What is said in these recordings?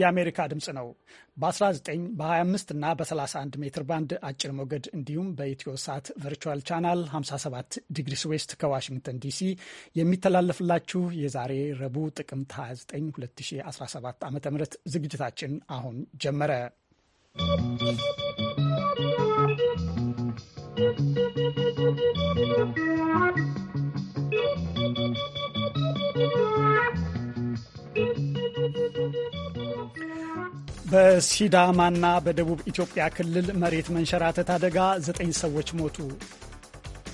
የአሜሪካ ድምፅ ነው። በ19 በ25 እና በ31 ሜትር ባንድ አጭር ሞገድ እንዲሁም በኢትዮ ሳት ቨርቹዋል ቻናል 57 ዲግሪስ ዌስት ከዋሽንግተን ዲሲ የሚተላለፍላችሁ የዛሬ ረቡዕ ጥቅምት 29 2017 ዓ ም ዝግጅታችን አሁን ጀመረ። በሲዳማና በደቡብ ኢትዮጵያ ክልል መሬት መንሸራተት አደጋ ዘጠኝ ሰዎች ሞቱ።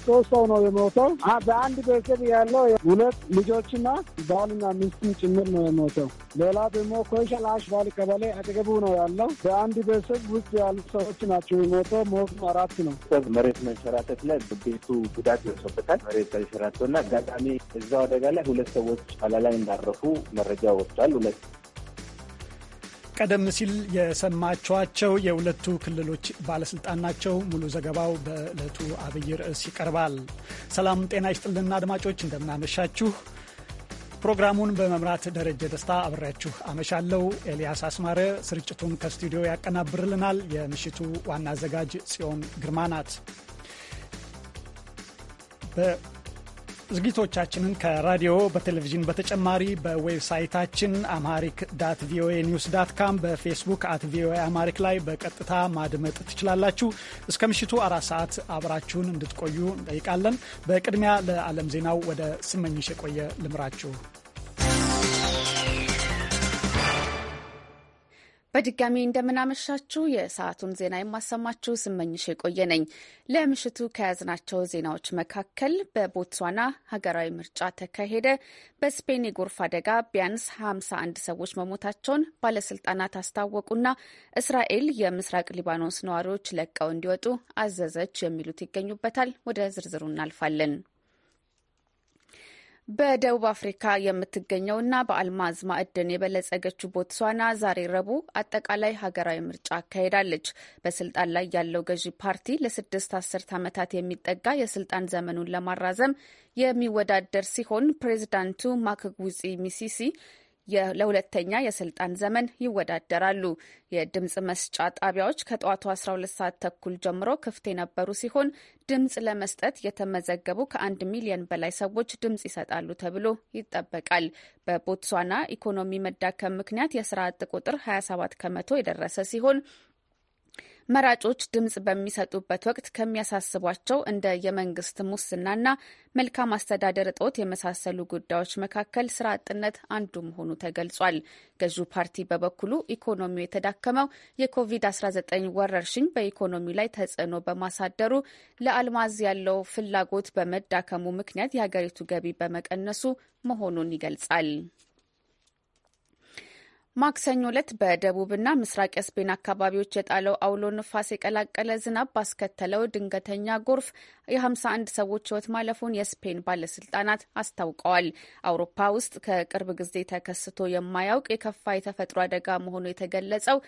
ሶስት ሰው ነው የሞተው። በአንድ ቤተሰብ ያለው ሁለት ልጆችና ባልና ሚስትም ጭምር ነው የሞተው። ሌላ ደግሞ ኮይሸላሽ ባል ቀበሌ አጠገቡ ነው ያለው። በአንድ ቤተሰብ ውስጥ ያሉ ሰዎች ናቸው የሞተው። ሞቱ አራት ነው። መሬት መንሸራተት ላይ ቤቱ ጉዳት ደርሶበታል። መሬት ተንሸራቶ እና አጋጣሚ እዛው አደጋ ላይ ሁለት ሰዎች አላላይ እንዳረፉ መረጃ ወጥቷል። ሁለት ቀደም ሲል የሰማችኋቸው የሁለቱ ክልሎች ባለስልጣን ናቸው። ሙሉ ዘገባው በዕለቱ አብይ ርዕስ ይቀርባል። ሰላም ጤና ይስጥልና አድማጮች፣ እንደምናመሻችሁ። ፕሮግራሙን በመምራት ደረጀ ደስታ አብሬያችሁ አመሻለሁ። ኤልያስ አስማረ ስርጭቱን ከስቱዲዮ ያቀናብርልናል። የምሽቱ ዋና አዘጋጅ ጽዮን ግርማ ናት። ዝግጅቶቻችንን ከራዲዮ በቴሌቪዥን በተጨማሪ በዌብሳይታችን አማሪክ ዳት ቪኦኤ ኒውስ ዳት ካም በፌስቡክ አት ቪኦኤ አማሪክ ላይ በቀጥታ ማድመጥ ትችላላችሁ። እስከ ምሽቱ አራት ሰዓት አብራችሁን እንድትቆዩ እንጠይቃለን። በቅድሚያ ለዓለም ዜናው ወደ ስመኝሽ የቆየ ልምራችሁ። በድጋሚ እንደምናመሻችሁ የሰዓቱን ዜና የማሰማችሁ ስመኝሽ የቆየ ነኝ። ለምሽቱ ከያዝናቸው ዜናዎች መካከል በቦትስዋና ሀገራዊ ምርጫ ተካሄደ፣ በስፔን የጎርፍ አደጋ ቢያንስ 51 ሰዎች መሞታቸውን ባለስልጣናት አስታወቁና እስራኤል የምስራቅ ሊባኖስ ነዋሪዎች ለቀው እንዲወጡ አዘዘች የሚሉት ይገኙበታል። ወደ ዝርዝሩ እናልፋለን። በደቡብ አፍሪካ የምትገኘውና በአልማዝ ማዕድን የበለጸገችው ቦትስዋና ዛሬ ረቡዕ አጠቃላይ ሀገራዊ ምርጫ አካሄዳለች። በስልጣን ላይ ያለው ገዢ ፓርቲ ለስድስት አስርት ዓመታት የሚጠጋ የስልጣን ዘመኑን ለማራዘም የሚወዳደር ሲሆን ፕሬዚዳንቱ ማክጉዚ ሚሲሲ ለሁለተኛ የስልጣን ዘመን ይወዳደራሉ። የድምፅ መስጫ ጣቢያዎች ከጠዋቱ 12 ሰዓት ተኩል ጀምሮ ክፍት የነበሩ ሲሆን ድምፅ ለመስጠት የተመዘገቡ ከአንድ ሚሊዮን በላይ ሰዎች ድምፅ ይሰጣሉ ተብሎ ይጠበቃል። በቦትስዋና ኢኮኖሚ መዳከም ምክንያት የስራ አጥ ቁጥር 27 ከመቶ የደረሰ ሲሆን መራጮች ድምፅ በሚሰጡበት ወቅት ከሚያሳስቧቸው እንደ የመንግስት ሙስናና መልካም አስተዳደር እጦት የመሳሰሉ ጉዳዮች መካከል ስራ አጥነት አንዱ መሆኑ ተገልጿል። ገዢው ፓርቲ በበኩሉ ኢኮኖሚው የተዳከመው የኮቪድ-19 ወረርሽኝ በኢኮኖሚው ላይ ተጽዕኖ በማሳደሩ ለአልማዝ ያለው ፍላጎት በመዳከሙ ምክንያት የሀገሪቱ ገቢ በመቀነሱ መሆኑን ይገልጻል። ማክሰኞ ዕለት በደቡብና ምስራቅ የስፔን አካባቢዎች የጣለው አውሎ ንፋስ የቀላቀለ ዝናብ ባስከተለው ድንገተኛ ጎርፍ የ51 ሰዎች ሕይወት ማለፉን የስፔን ባለስልጣናት አስታውቀዋል። አውሮፓ ውስጥ ከቅርብ ጊዜ ተከስቶ የማያውቅ የከፋ የተፈጥሮ አደጋ መሆኑ የተገለጸው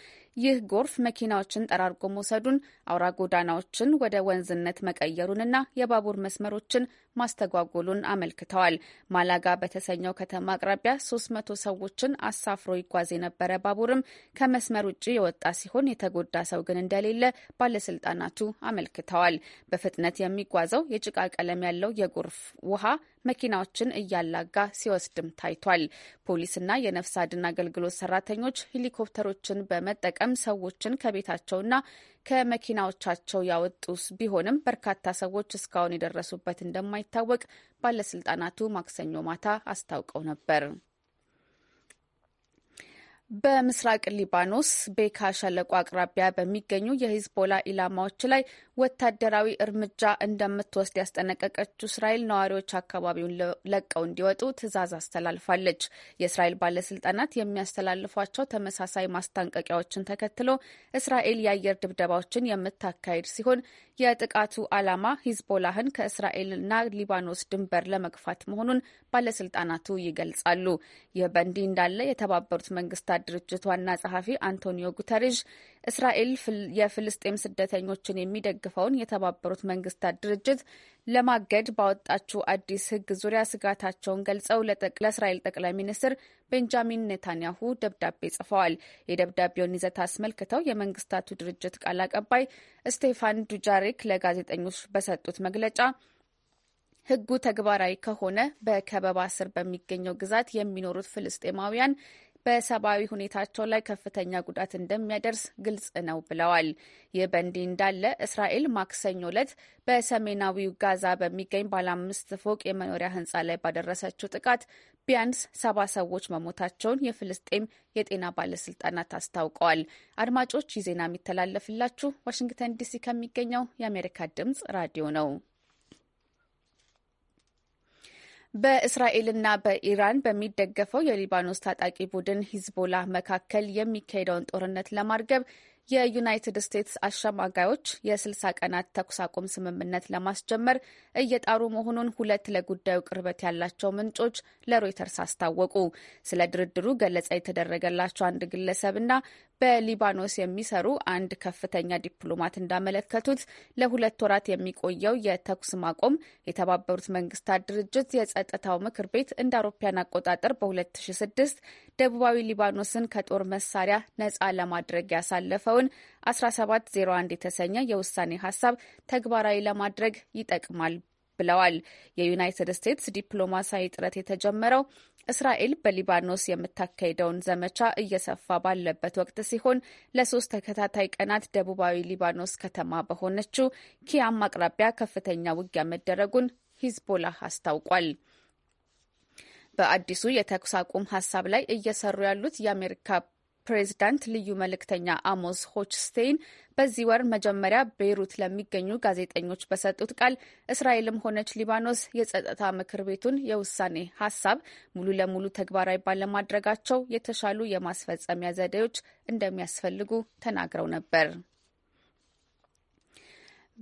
ይህ ጎርፍ መኪናዎችን ጠራርጎ መውሰዱን፣ አውራ ጎዳናዎችን ወደ ወንዝነት መቀየሩንና የባቡር መስመሮችን ማስተጓጎሉን አመልክተዋል። ማላጋ በተሰኘው ከተማ አቅራቢያ 300 ሰዎችን አሳፍሮ ይጓዝ የነበረ ባቡርም ከመስመር ውጭ የወጣ ሲሆን የተጎዳ ሰው ግን እንደሌለ ባለስልጣናቱ አመልክተዋል። በፍጥነት የሚጓዘው የጭቃ ቀለም ያለው የጎርፍ ውሃ መኪናዎችን እያላጋ ሲወስድም ታይቷል። ፖሊስና የነፍስ አድን አገልግሎት ሰራተኞች ሄሊኮፕተሮችን በመጠቀም ሰዎችን ከቤታቸውና ከመኪናዎቻቸው ያወጡ ቢሆንም በርካታ ሰዎች እስካሁን የደረሱበት እንደማይታወቅ ባለስልጣናቱ ማክሰኞ ማታ አስታውቀው ነበር። በምስራቅ ሊባኖስ ቤካ ሸለቆ አቅራቢያ በሚገኙ የሂዝቦላ ኢላማዎች ላይ ወታደራዊ እርምጃ እንደምትወስድ ያስጠነቀቀችው እስራኤል ነዋሪዎች አካባቢውን ለቀው እንዲወጡ ትዕዛዝ አስተላልፋለች። የእስራኤል ባለስልጣናት የሚያስተላልፏቸው ተመሳሳይ ማስጠንቀቂያዎችን ተከትሎ እስራኤል የአየር ድብደባዎችን የምታካሄድ ሲሆን የጥቃቱ ዓላማ ሂዝቦላህን ከእስራኤልና ሊባኖስ ድንበር ለመግፋት መሆኑን ባለስልጣናቱ ይገልጻሉ። ይህ በእንዲህ እንዳለ የተባበሩት መንግስታት የመንግስታት ድርጅት ዋና ጸሐፊ አንቶኒዮ ጉተሬዥ እስራኤል የፍልስጤም ስደተኞችን የሚደግፈውን የተባበሩት መንግስታት ድርጅት ለማገድ ባወጣችው አዲስ ህግ ዙሪያ ስጋታቸውን ገልጸው ለእስራኤል ጠቅላይ ሚኒስትር ቤንጃሚን ኔታንያሁ ደብዳቤ ጽፈዋል። የደብዳቤውን ይዘት አስመልክተው የመንግስታቱ ድርጅት ቃል አቀባይ ስቴፋን ዱጃሪክ ለጋዜጠኞች በሰጡት መግለጫ ሕጉ ተግባራዊ ከሆነ በከበባ ስር በሚገኘው ግዛት የሚኖሩት ፍልስጤማውያን በሰብአዊ ሁኔታቸው ላይ ከፍተኛ ጉዳት እንደሚያደርስ ግልጽ ነው ብለዋል። ይህ በእንዲህ እንዳለ እስራኤል ማክሰኞ ዕለት በሰሜናዊው ጋዛ በሚገኝ ባለ አምስት ፎቅ የመኖሪያ ህንፃ ላይ ባደረሰችው ጥቃት ቢያንስ ሰባ ሰዎች መሞታቸውን የፍልስጤም የጤና ባለስልጣናት አስታውቀዋል። አድማጮች ይህ ዜና የሚተላለፍላችሁ ዋሽንግተን ዲሲ ከሚገኘው የአሜሪካ ድምጽ ራዲዮ ነው። በእስራኤልና በኢራን በሚደገፈው የሊባኖስ ታጣቂ ቡድን ሂዝቦላ መካከል የሚካሄደውን ጦርነት ለማርገብ የዩናይትድ ስቴትስ አሸማጋዮች የስልሳ ቀናት ተኩስ አቁም ስምምነት ለማስጀመር እየጣሩ መሆኑን ሁለት ለጉዳዩ ቅርበት ያላቸው ምንጮች ለሮይተርስ አስታወቁ። ስለ ድርድሩ ገለጻ የተደረገላቸው አንድ ግለሰብና በሊባኖስ የሚሰሩ አንድ ከፍተኛ ዲፕሎማት እንዳመለከቱት ለሁለት ወራት የሚቆየው የተኩስ ማቆም የተባበሩት መንግስታት ድርጅት የጸጥታው ምክር ቤት እንደ አውሮፓያን አቆጣጠር በ2006 ደቡባዊ ሊባኖስን ከጦር መሳሪያ ነፃ ለማድረግ ያሳለፈውን 1701 የተሰኘ የውሳኔ ሀሳብ ተግባራዊ ለማድረግ ይጠቅማል ብለዋል። የዩናይትድ ስቴትስ ዲፕሎማሲያዊ ጥረት የተጀመረው እስራኤል በሊባኖስ የምታካሄደውን ዘመቻ እየሰፋ ባለበት ወቅት ሲሆን ለሶስት ተከታታይ ቀናት ደቡባዊ ሊባኖስ ከተማ በሆነችው ኪያም አቅራቢያ ከፍተኛ ውጊያ መደረጉን ሂዝቦላህ አስታውቋል። በአዲሱ የተኩስ አቁም ሀሳብ ላይ እየሰሩ ያሉት የአሜሪካ ፕሬዝዳንት ልዩ መልእክተኛ አሞስ ሆችስቴይን በዚህ ወር መጀመሪያ ቤይሩት ለሚገኙ ጋዜጠኞች በሰጡት ቃል እስራኤልም ሆነች ሊባኖስ የጸጥታ ምክር ቤቱን የውሳኔ ሀሳብ ሙሉ ለሙሉ ተግባራዊ ባለማድረጋቸው የተሻሉ የማስፈጸሚያ ዘዴዎች እንደሚያስፈልጉ ተናግረው ነበር።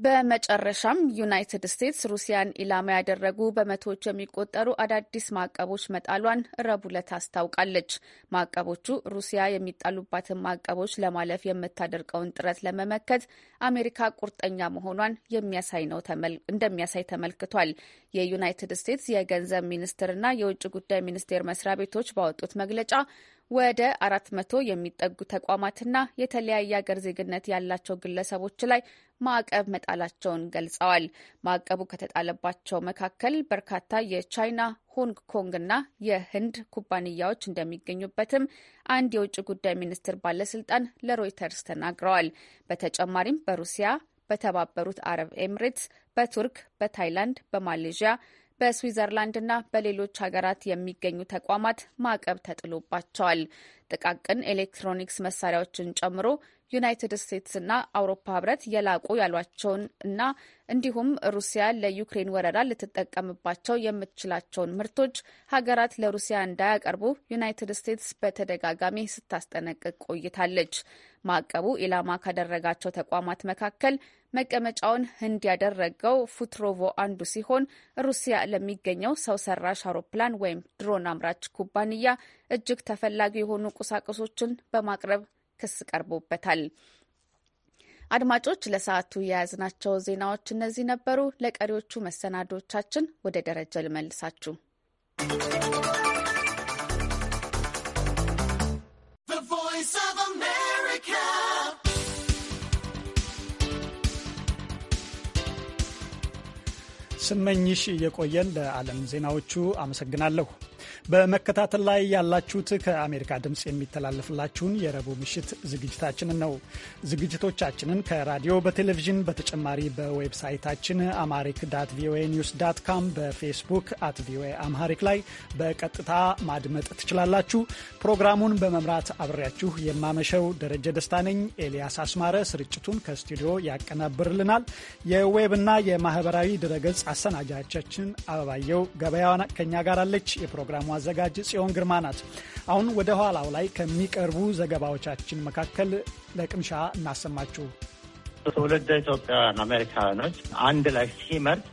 በመጨረሻም ዩናይትድ ስቴትስ ሩሲያን ኢላማ ያደረጉ በመቶዎች የሚቆጠሩ አዳዲስ ማዕቀቦች መጣሏን ረቡዕ ዕለት አስታውቃለች። ማዕቀቦቹ ሩሲያ የሚጣሉባትን ማዕቀቦች ለማለፍ የምታደርገውን ጥረት ለመመከት አሜሪካ ቁርጠኛ መሆኗን የሚያሳይ ነው እንደሚያሳይ ተመልክቷል። የዩናይትድ ስቴትስ የገንዘብ ሚኒስትርና የውጭ ጉዳይ ሚኒስቴር መስሪያ ቤቶች ባወጡት መግለጫ ወደ አራት መቶ የሚጠጉ ተቋማትና የተለያየ አገር ዜግነት ያላቸው ግለሰቦች ላይ ማዕቀብ መጣላቸውን ገልጸዋል። ማዕቀቡ ከተጣለባቸው መካከል በርካታ የቻይና ሆንግ እና የህንድ ኩባንያዎች እንደሚገኙበትም አንድ የውጭ ጉዳይ ሚኒስቴር ባለስልጣን ለሮይተርስ ተናግረዋል። በተጨማሪም በሩሲያ፣ በተባበሩት አረብ ኤምሬትስ፣ በቱርክ፣ በታይላንድ፣ በማሌዥያ በስዊዘርላንድና በሌሎች ሀገራት የሚገኙ ተቋማት ማዕቀብ ተጥሎባቸዋል። ጥቃቅን ኤሌክትሮኒክስ መሳሪያዎችን ጨምሮ ዩናይትድ ስቴትስና አውሮፓ ህብረት የላቁ ያሏቸውን እና እንዲሁም ሩሲያ ለዩክሬን ወረራ ልትጠቀምባቸው የምትችላቸውን ምርቶች ሀገራት ለሩሲያ እንዳያቀርቡ ዩናይትድ ስቴትስ በተደጋጋሚ ስታስጠነቅቅ ቆይታለች። ማዕቀቡ ኢላማ ካደረጋቸው ተቋማት መካከል መቀመጫውን ህንድ ያደረገው ፉትሮቮ አንዱ ሲሆን ሩሲያ ለሚገኘው ሰው ሰራሽ አውሮፕላን ወይም ድሮን አምራች ኩባንያ እጅግ ተፈላጊ የሆኑ ቁሳቁሶችን በማቅረብ ክስ ቀርቦበታል። አድማጮች ለሰዓቱ የያዝናቸው ዜናዎች እነዚህ ነበሩ። ለቀሪዎቹ መሰናዶቻችን ወደ ደረጃ ልመልሳችሁ። ስመኝሽ እየቆየን ለዓለም ዜናዎቹ አመሰግናለሁ። በመከታተል ላይ ያላችሁት ከአሜሪካ ድምፅ የሚተላለፍላችሁን የረቡዕ ምሽት ዝግጅታችንን ነው። ዝግጅቶቻችንን ከራዲዮ በቴሌቪዥን በተጨማሪ በዌብሳይታችን አማሪክ ዳት ቪኦኤ ኒውስ ዳት ካም፣ በፌስቡክ አት ቪኦኤ አምሃሪክ ላይ በቀጥታ ማድመጥ ትችላላችሁ። ፕሮግራሙን በመምራት አብሬያችሁ የማመሸው ደረጀ ደስታ ነኝ። ኤልያስ አስማረ ስርጭቱን ከስቱዲዮ ያቀናብርልናል። የዌብና የማህበራዊ ድረገጽ አሰናጃቻችን አበባየው ገበያዋ ከኛ ጋር አለች። የፕሮግራሙ አዘጋጅ ጽዮን ግርማ ናት። አሁን ወደ ኋላው ላይ ከሚቀርቡ ዘገባዎቻችን መካከል ለቅምሻ እናሰማችሁ። ትውልድ ኢትዮጵያውያን አሜሪካውያኖች አንድ ላይ ሲመርጥ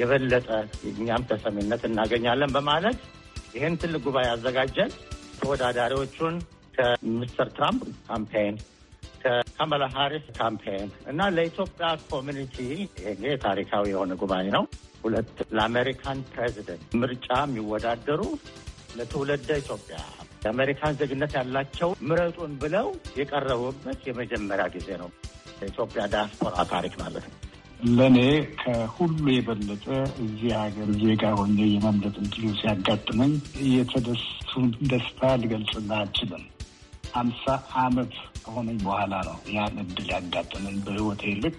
የበለጠ እኛም ተሰሚነት እናገኛለን በማለት ይህን ትልቅ ጉባኤ አዘጋጀን። ተወዳዳሪዎቹን ከሚስተር ትራምፕ ካምፔን ካማላ ሃሪስ ካምፔን እና ለኢትዮጵያ ኮሚኒቲ ይሄ ታሪካዊ የሆነ ጉባኤ ነው። ሁለት ለአሜሪካን ፕሬዚደንት ምርጫ የሚወዳደሩ ለትውልደ ኢትዮጵያ የአሜሪካን ዜግነት ያላቸው ምረጡን ብለው የቀረቡበት የመጀመሪያ ጊዜ ነው። የኢትዮጵያ ዲያስፖራ ታሪክ ማለት ነው። ለእኔ ከሁሉ የበለጠ እዚህ ሀገር ዜጋ ሆኜ የመምለጥ እድሉ ሲያጋጥመኝ የተደሱን ደስታ ልገልጽና አልችልም። አምሳ አመት ከሆነኝ በኋላ ነው ያን እድል ያጋጠመኝ በህይወቴ ልክ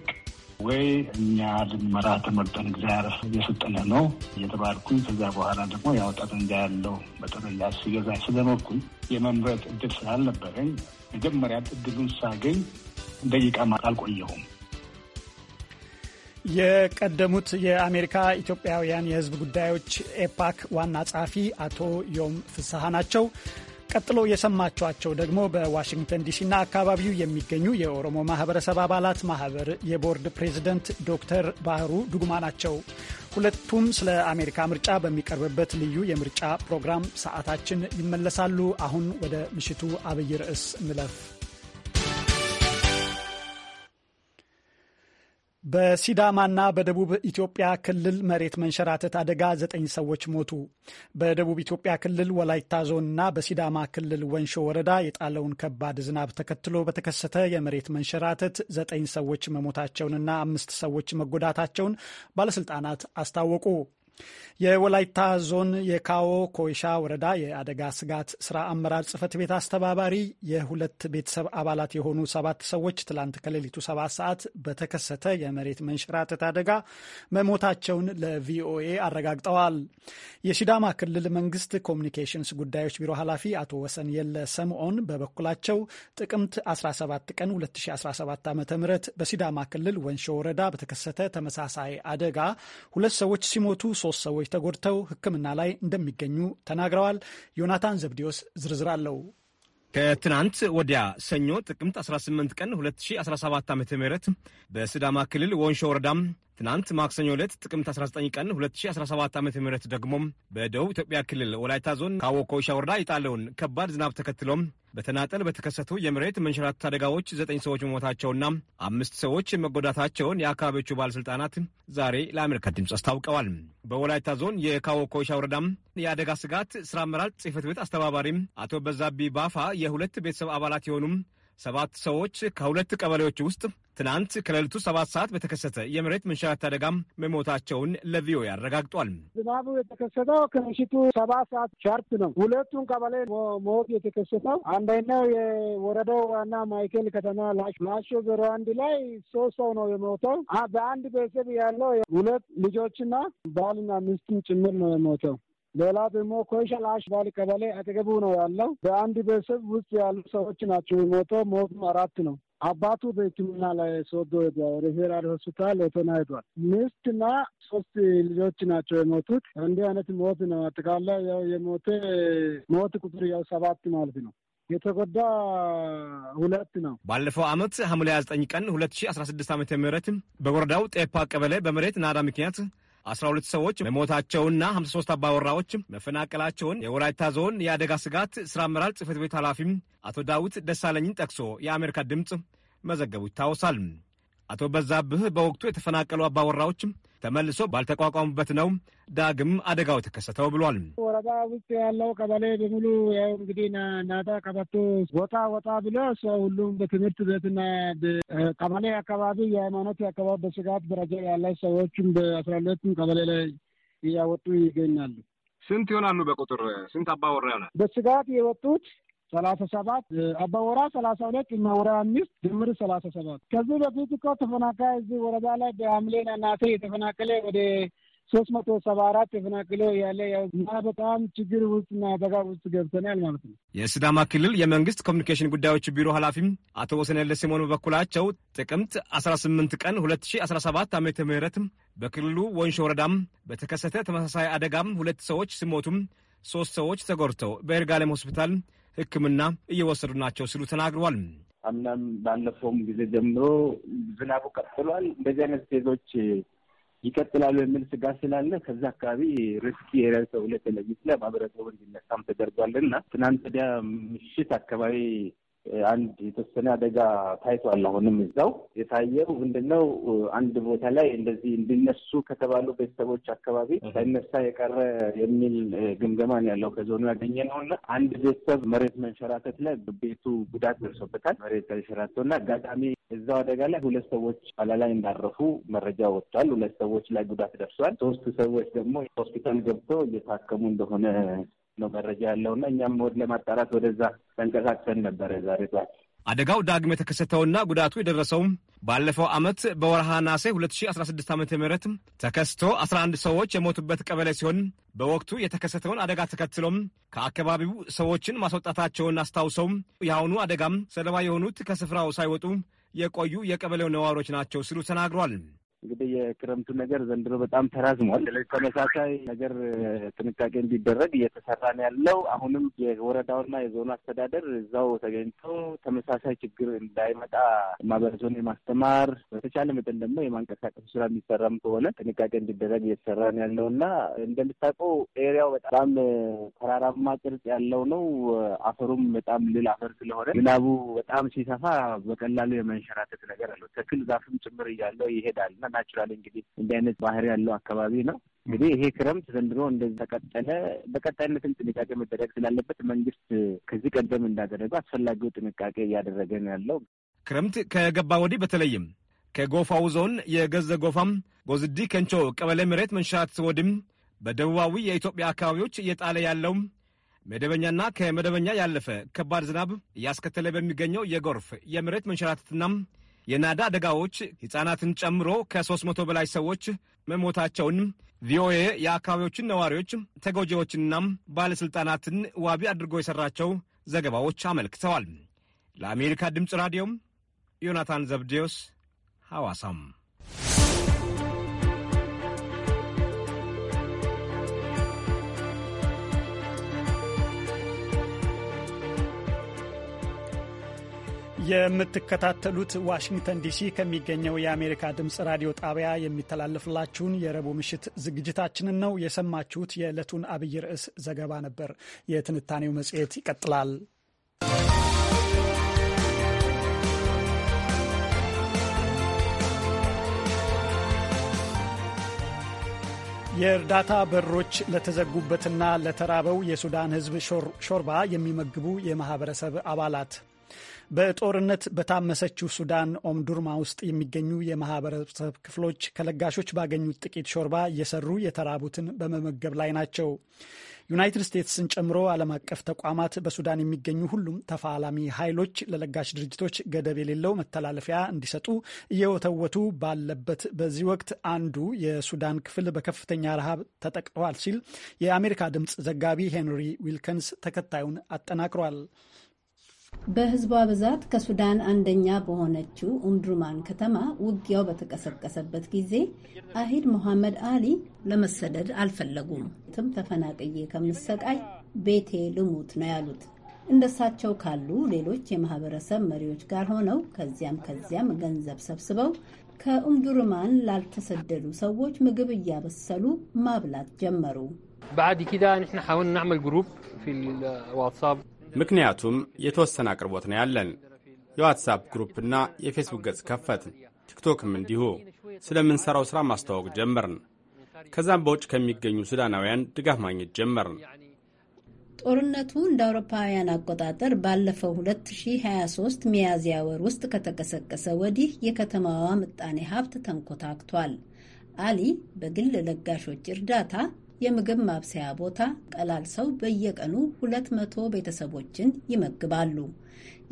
ወይ እኛ ልንመራ ተመርጠን እግዚአብሔር እየሰጠነ ነው እየተባልኩኝ ከዚያ በኋላ ደግሞ ያው ጠመንጃ ያለው በጠመንጃ ሲገዛ ስለመኩኝ የመምረጥ እድል ስላልነበረኝ መጀመሪያ እድሉን ሳገኝ ደቂቃ አልቆየሁም። የቀደሙት የአሜሪካ ኢትዮጵያውያን የህዝብ ጉዳዮች ኤፓክ ዋና ጸሐፊ አቶ ዮም ፍስሐ ናቸው። ቀጥሎ የሰማችኋቸው ደግሞ በዋሽንግተን ዲሲና አካባቢው የሚገኙ የኦሮሞ ማህበረሰብ አባላት ማህበር የቦርድ ፕሬዚደንት ዶክተር ባህሩ ዱጉማ ናቸው። ሁለቱም ስለ አሜሪካ ምርጫ በሚቀርብበት ልዩ የምርጫ ፕሮግራም ሰዓታችን ይመለሳሉ። አሁን ወደ ምሽቱ አብይ ርዕስ እንለፍ። በሲዳማና በደቡብ ኢትዮጵያ ክልል መሬት መንሸራተት አደጋ ዘጠኝ ሰዎች ሞቱ። በደቡብ ኢትዮጵያ ክልል ወላይታ ዞንና በሲዳማ ክልል ወንሾ ወረዳ የጣለውን ከባድ ዝናብ ተከትሎ በተከሰተ የመሬት መንሸራተት ዘጠኝ ሰዎች መሞታቸውንና አምስት ሰዎች መጎዳታቸውን ባለስልጣናት አስታወቁ። የወላይታ ዞን የካዎ ኮይሻ ወረዳ የአደጋ ስጋት ስራ አመራር ጽህፈት ቤት አስተባባሪ የሁለት ቤተሰብ አባላት የሆኑ ሰባት ሰዎች ትላንት ከሌሊቱ ሰባት ሰዓት በተከሰተ የመሬት መንሸራተት አደጋ መሞታቸውን ለቪኦኤ አረጋግጠዋል። የሲዳማ ክልል መንግስት ኮሚኒኬሽንስ ጉዳዮች ቢሮ ኃላፊ አቶ ወሰን የለ ሰምኦን በበኩላቸው ጥቅምት 17 ቀን 2017 ዓ ም በሲዳማ ክልል ወንሾ ወረዳ በተከሰተ ተመሳሳይ አደጋ ሁለት ሰዎች ሲሞቱ ሶስት ሰዎች ተጎድተው ሕክምና ላይ እንደሚገኙ ተናግረዋል። ዮናታን ዘብዲዮስ ዝርዝር አለው። ከትናንት ወዲያ ሰኞ ጥቅምት 18 ቀን 2017 ዓ ም በስዳማ ክልል ወንሾ ወረዳም ትናንት ማክሰኞ ዕለት ጥቅምት 19 ቀን 2017 ዓ ም ደግሞ በደቡብ ኢትዮጵያ ክልል ወላይታ ዞን ካወኮ ኮይሻ ወረዳ የጣለውን ከባድ ዝናብ ተከትሎም በተናጠል በተከሰቱ የመሬት መንሸራተት አደጋዎች ዘጠኝ ሰዎች መሞታቸውና አምስት ሰዎች መጎዳታቸውን የአካባቢዎቹ ባለሥልጣናት ዛሬ ለአሜሪካ ድምፅ አስታውቀዋል። በወላይታ ዞን የካዎ ኮይሻ ወረዳም የአደጋ ስጋት ስራ አመራር ጽህፈት ቤት አስተባባሪም አቶ በዛቢ ባፋ የሁለት ቤተሰብ አባላት የሆኑም ሰባት ሰዎች ከሁለት ቀበሌዎች ውስጥ ትናንት ከሌሊቱ ሰባት ሰዓት በተከሰተ የመሬት መንሸራት አደጋ መሞታቸውን ለቪኦኤ አረጋግጧል። ዝናቡ የተከሰተው ከምሽቱ ሰባት ሰዓት ሻርፕ ነው። ሁለቱን ቀበሌ ሞት የተከሰተው አንደኛው የወረዳው ዋና ማይከል ከተማ ላሾ ዜሮ አንድ ላይ ሶስት ሰው ነው የሞተው። በአንድ ቤተሰብ ያለው ሁለት ልጆችና ባልና ሚስት ጭምር ነው የሞተው። ሌላ ደግሞ ኮይሸላሽ ባል ቀበሌ አጠገቡ ነው ያለው። በአንድ ቤተሰብ ውስጥ ያሉ ሰዎች ናቸው የሞቶ ሞቱም አራት ነው። አባቱ በሕክምና ላይ ሶዶ ሪፌራል ሆስፒታል ተናሂዷል። ሚስትና ሶስት ልጆች ናቸው የሞቱት። እንዲህ አይነት ሞት ነው። አጠቃላይ ያው የሞተ ሞት ቁጥር ያው ሰባት ማለት ነው። የተጎዳ ሁለት ነው። ባለፈው ዓመት ሐምሌ 29 ቀን 2016 ዓ ም በወረዳው ጤፓ ቀበሌ በመሬት ናዳ ምክንያት 12 ሰዎች መሞታቸውና 53 አባወራዎች መፈናቀላቸውን የወላይታ ዞን የአደጋ ስጋት ስራ አመራር ጽህፈት ቤት ኃላፊም አቶ ዳዊት ደሳለኝን ጠቅሶ የአሜሪካ ድምፅ መዘገቡ ይታወሳል። አቶ በዛብህ በወቅቱ የተፈናቀሉ አባወራዎች ተመልሶ ባልተቋቋሙበት ነው ዳግም አደጋው የተከሰተው ብሏል። ወረዳ ውስጥ ያለው ቀበሌ በሙሉ ያው እንግዲህ ናዳ ቀበቶ ወጣ ወጣ ብሎ ሰው ሁሉም በትምህርት ቤትና ቀበሌ አካባቢ የሃይማኖት አካባቢ በስጋት ደረጃ ያለ ሰዎችም በአስራ ሁለቱም ቀበሌ ላይ እያወጡ ይገኛሉ። ስንት ይሆናሉ? በቁጥር ስንት አባወራ ይሆናል? በስጋት የወጡት ሰላሳ ሰባት አባወራ ሰላሳ ሁለት መውራ አምስት ድምር ሰላሳ ሰባት ከዚህ በፊት እኮ ተፈናቃይ እዚህ ወረዳ ላይ በሐምሌ ናናቴ የተፈናቀለ ወደ ሶስት መቶ ሰባ አራት ተፈናቅሎ ያለ እና በጣም ችግር ውስጥ ውስጥና አደጋ ውስጥ ገብተናል ማለት ነው። የስዳማ ክልል የመንግስት ኮሚኒኬሽን ጉዳዮች ቢሮ ኃላፊም አቶ ወሰነለ ሲሞን በበኩላቸው ጥቅምት አስራ ስምንት ቀን ሁለት ሺ አስራ ሰባት ዓመተ ምህረት በክልሉ ወንሾ ወረዳም በተከሰተ ተመሳሳይ አደጋም ሁለት ሰዎች ሲሞቱም ሶስት ሰዎች ተጎድተው በይርጋለም ሆስፒታል ሕክምና እየወሰዱ ናቸው ሲሉ ተናግረዋል። አምናም ባለፈውም ጊዜ ጀምሮ ዝናቡ ቀጥሏል። እንደዚህ አይነት ፌዞች ይቀጥላሉ የሚል ስጋት ስላለ ከዛ አካባቢ ሪስኪ የሪያ ለተለይ ስለ ማህበረሰቡ እንዲነሳም ተደርጓልና ትናንት ወዲያ ምሽት አካባቢ አንድ የተወሰነ አደጋ ታይቷል። አሁንም እዛው የታየው ምንድነው አንድ ቦታ ላይ እንደዚህ እንዲነሱ ከተባሉ ቤተሰቦች አካባቢ ሳይነሳ የቀረ የሚል ግምገማ ነው ያለው ከዞኑ ያገኘ ነው እና አንድ ቤተሰብ መሬት መንሸራተት ላይ ቤቱ ጉዳት ደርሶበታል። መሬት ተንሸራቶ እና አጋጣሚ እዛው አደጋ ላይ ሁለት ሰዎች ኋላ ላይ እንዳረፉ መረጃ ወጥቷል። ሁለት ሰዎች ላይ ጉዳት ደርሷል። ሶስት ሰዎች ደግሞ ሆስፒታል ገብተው እየታከሙ እንደሆነ ነው መረጃ ያለው እና እኛም ወድ ለማጣራት ወደዛ ተንቀሳቅሰን ነበረ ዛሬ ጠዋት። አደጋው ዳግም የተከሰተውና ጉዳቱ የደረሰውም ባለፈው ዓመት በወርሃ ናሴ 2016 ዓ ም ተከስቶ 11 ሰዎች የሞቱበት ቀበሌ ሲሆን በወቅቱ የተከሰተውን አደጋ ተከትሎም ከአካባቢው ሰዎችን ማስወጣታቸውን አስታውሰው የአሁኑ አደጋም ሰለባ የሆኑት ከስፍራው ሳይወጡ የቆዩ የቀበሌው ነዋሪዎች ናቸው ሲሉ ተናግሯል። እንግዲህ የክረምቱ ነገር ዘንድሮ በጣም ተራዝሟል። ስለዚህ ተመሳሳይ ነገር ጥንቃቄ እንዲደረግ እየተሰራ ነው ያለው። አሁንም የወረዳውና የዞኑ አስተዳደር እዛው ተገኝቶ ተመሳሳይ ችግር እንዳይመጣ ማህበረሰቡን የማስተማር በተቻለ መጠን ደግሞ የማንቀሳቀስ ስራ የሚሰራም ከሆነ ጥንቃቄ እንዲደረግ እየተሰራ ነው ያለው እና እንደምታውቀው ኤሪያው በጣም ተራራማ ቅርጽ ያለው ነው። አፈሩም በጣም ልል አፈር ስለሆነ ዝናቡ በጣም ሲሰፋ በቀላሉ የመንሸራተት ነገር አለው። ተክል ዛፍም ጭምር እያለው ይሄዳል እና ናቹራል እንግዲህ እንዲህ አይነት ባህር ያለው አካባቢ ነው። እንግዲህ ይሄ ክረምት ዘንድሮ እንደዚህ ተቀጠለ በቀጣይነትም ጥንቃቄ መደረግ ስላለበት መንግስት ከዚህ ቀደም እንዳደረገው አስፈላጊው ጥንቃቄ እያደረገ ነው ያለው። ክረምት ከገባ ወዲህ በተለይም ከጎፋው ዞን የገዘ ጎፋም ጎዝዲ ከንቾ ቀበሌ መሬት መንሻት ወድም በደቡባዊ የኢትዮጵያ አካባቢዎች እየጣለ ያለው መደበኛና ከመደበኛ ያለፈ ከባድ ዝናብ እያስከተለ በሚገኘው የጎርፍ የመሬት መንሸራተትና የናዳ አደጋዎች ሕፃናትን ጨምሮ ከሦስት መቶ በላይ ሰዎች መሞታቸውን ቪኦኤ የአካባቢዎችን ነዋሪዎች፣ ተጎጂዎችና ባለሥልጣናትን ዋቢ አድርጎ የሠራቸው ዘገባዎች አመልክተዋል። ለአሜሪካ ድምፅ ራዲዮም ዮናታን ዘብዴዎስ ሐዋሳም የምትከታተሉት ዋሽንግተን ዲሲ ከሚገኘው የአሜሪካ ድምፅ ራዲዮ ጣቢያ የሚተላለፍላችሁን የረቡዕ ምሽት ዝግጅታችንን ነው የሰማችሁት። የዕለቱን አብይ ርዕስ ዘገባ ነበር። የትንታኔው መጽሔት ይቀጥላል። የእርዳታ በሮች ለተዘጉበትና ለተራበው የሱዳን ሕዝብ ሾርባ የሚመግቡ የማህበረሰብ አባላት በጦርነት በታመሰችው ሱዳን ኦምዱርማ ውስጥ የሚገኙ የማህበረሰብ ክፍሎች ከለጋሾች ባገኙት ጥቂት ሾርባ እየሰሩ የተራቡትን በመመገብ ላይ ናቸው። ዩናይትድ ስቴትስን ጨምሮ ዓለም አቀፍ ተቋማት በሱዳን የሚገኙ ሁሉም ተፋላሚ ኃይሎች ለለጋሽ ድርጅቶች ገደብ የሌለው መተላለፊያ እንዲሰጡ እየወተወቱ ባለበት በዚህ ወቅት አንዱ የሱዳን ክፍል በከፍተኛ ረሃብ ተጠቅቷል ሲል የአሜሪካ ድምፅ ዘጋቢ ሄንሪ ዊልኪንስ ተከታዩን አጠናቅሯል። በህዝቧ ብዛት ከሱዳን አንደኛ በሆነችው ኡምድሩማን ከተማ ውጊያው በተቀሰቀሰበት ጊዜ አሂድ ሞሐመድ አሊ ለመሰደድ አልፈለጉም። ትም ተፈናቅዬ ከምሰቃይ ቤቴ ልሙት ነው ያሉት። እንደሳቸው ካሉ ሌሎች የማህበረሰብ መሪዎች ጋር ሆነው ከዚያም ከዚያም ገንዘብ ሰብስበው ከኡምዱርማን ላልተሰደዱ ሰዎች ምግብ እያበሰሉ ማብላት ጀመሩ። ባዕድ ኪዳ ንሕና ሓውን ናዕመል ግሩፕ ፊ ዋትሳፕ ምክንያቱም የተወሰነ አቅርቦት ነው ያለን። የዋትሳፕ ግሩፕና የፌስቡክ ገጽ ከፈት ቲክቶክም እንዲሁ ስለምንሠራው ሥራ ማስተዋወቅ ጀመርን። ከዛም በውጭ ከሚገኙ ሱዳናውያን ድጋፍ ማግኘት ጀመርን። ጦርነቱ እንደ አውሮፓውያን አቆጣጠር ባለፈው 2023 ሚያዝያ ወር ውስጥ ከተቀሰቀሰ ወዲህ የከተማዋ ምጣኔ ሀብት ተንኮታክቷል። አሊ በግል ለጋሾች እርዳታ የምግብ ማብሰያ ቦታ ቀላልሰው በየቀኑ ሁለት መቶ ቤተሰቦችን ይመግባሉ።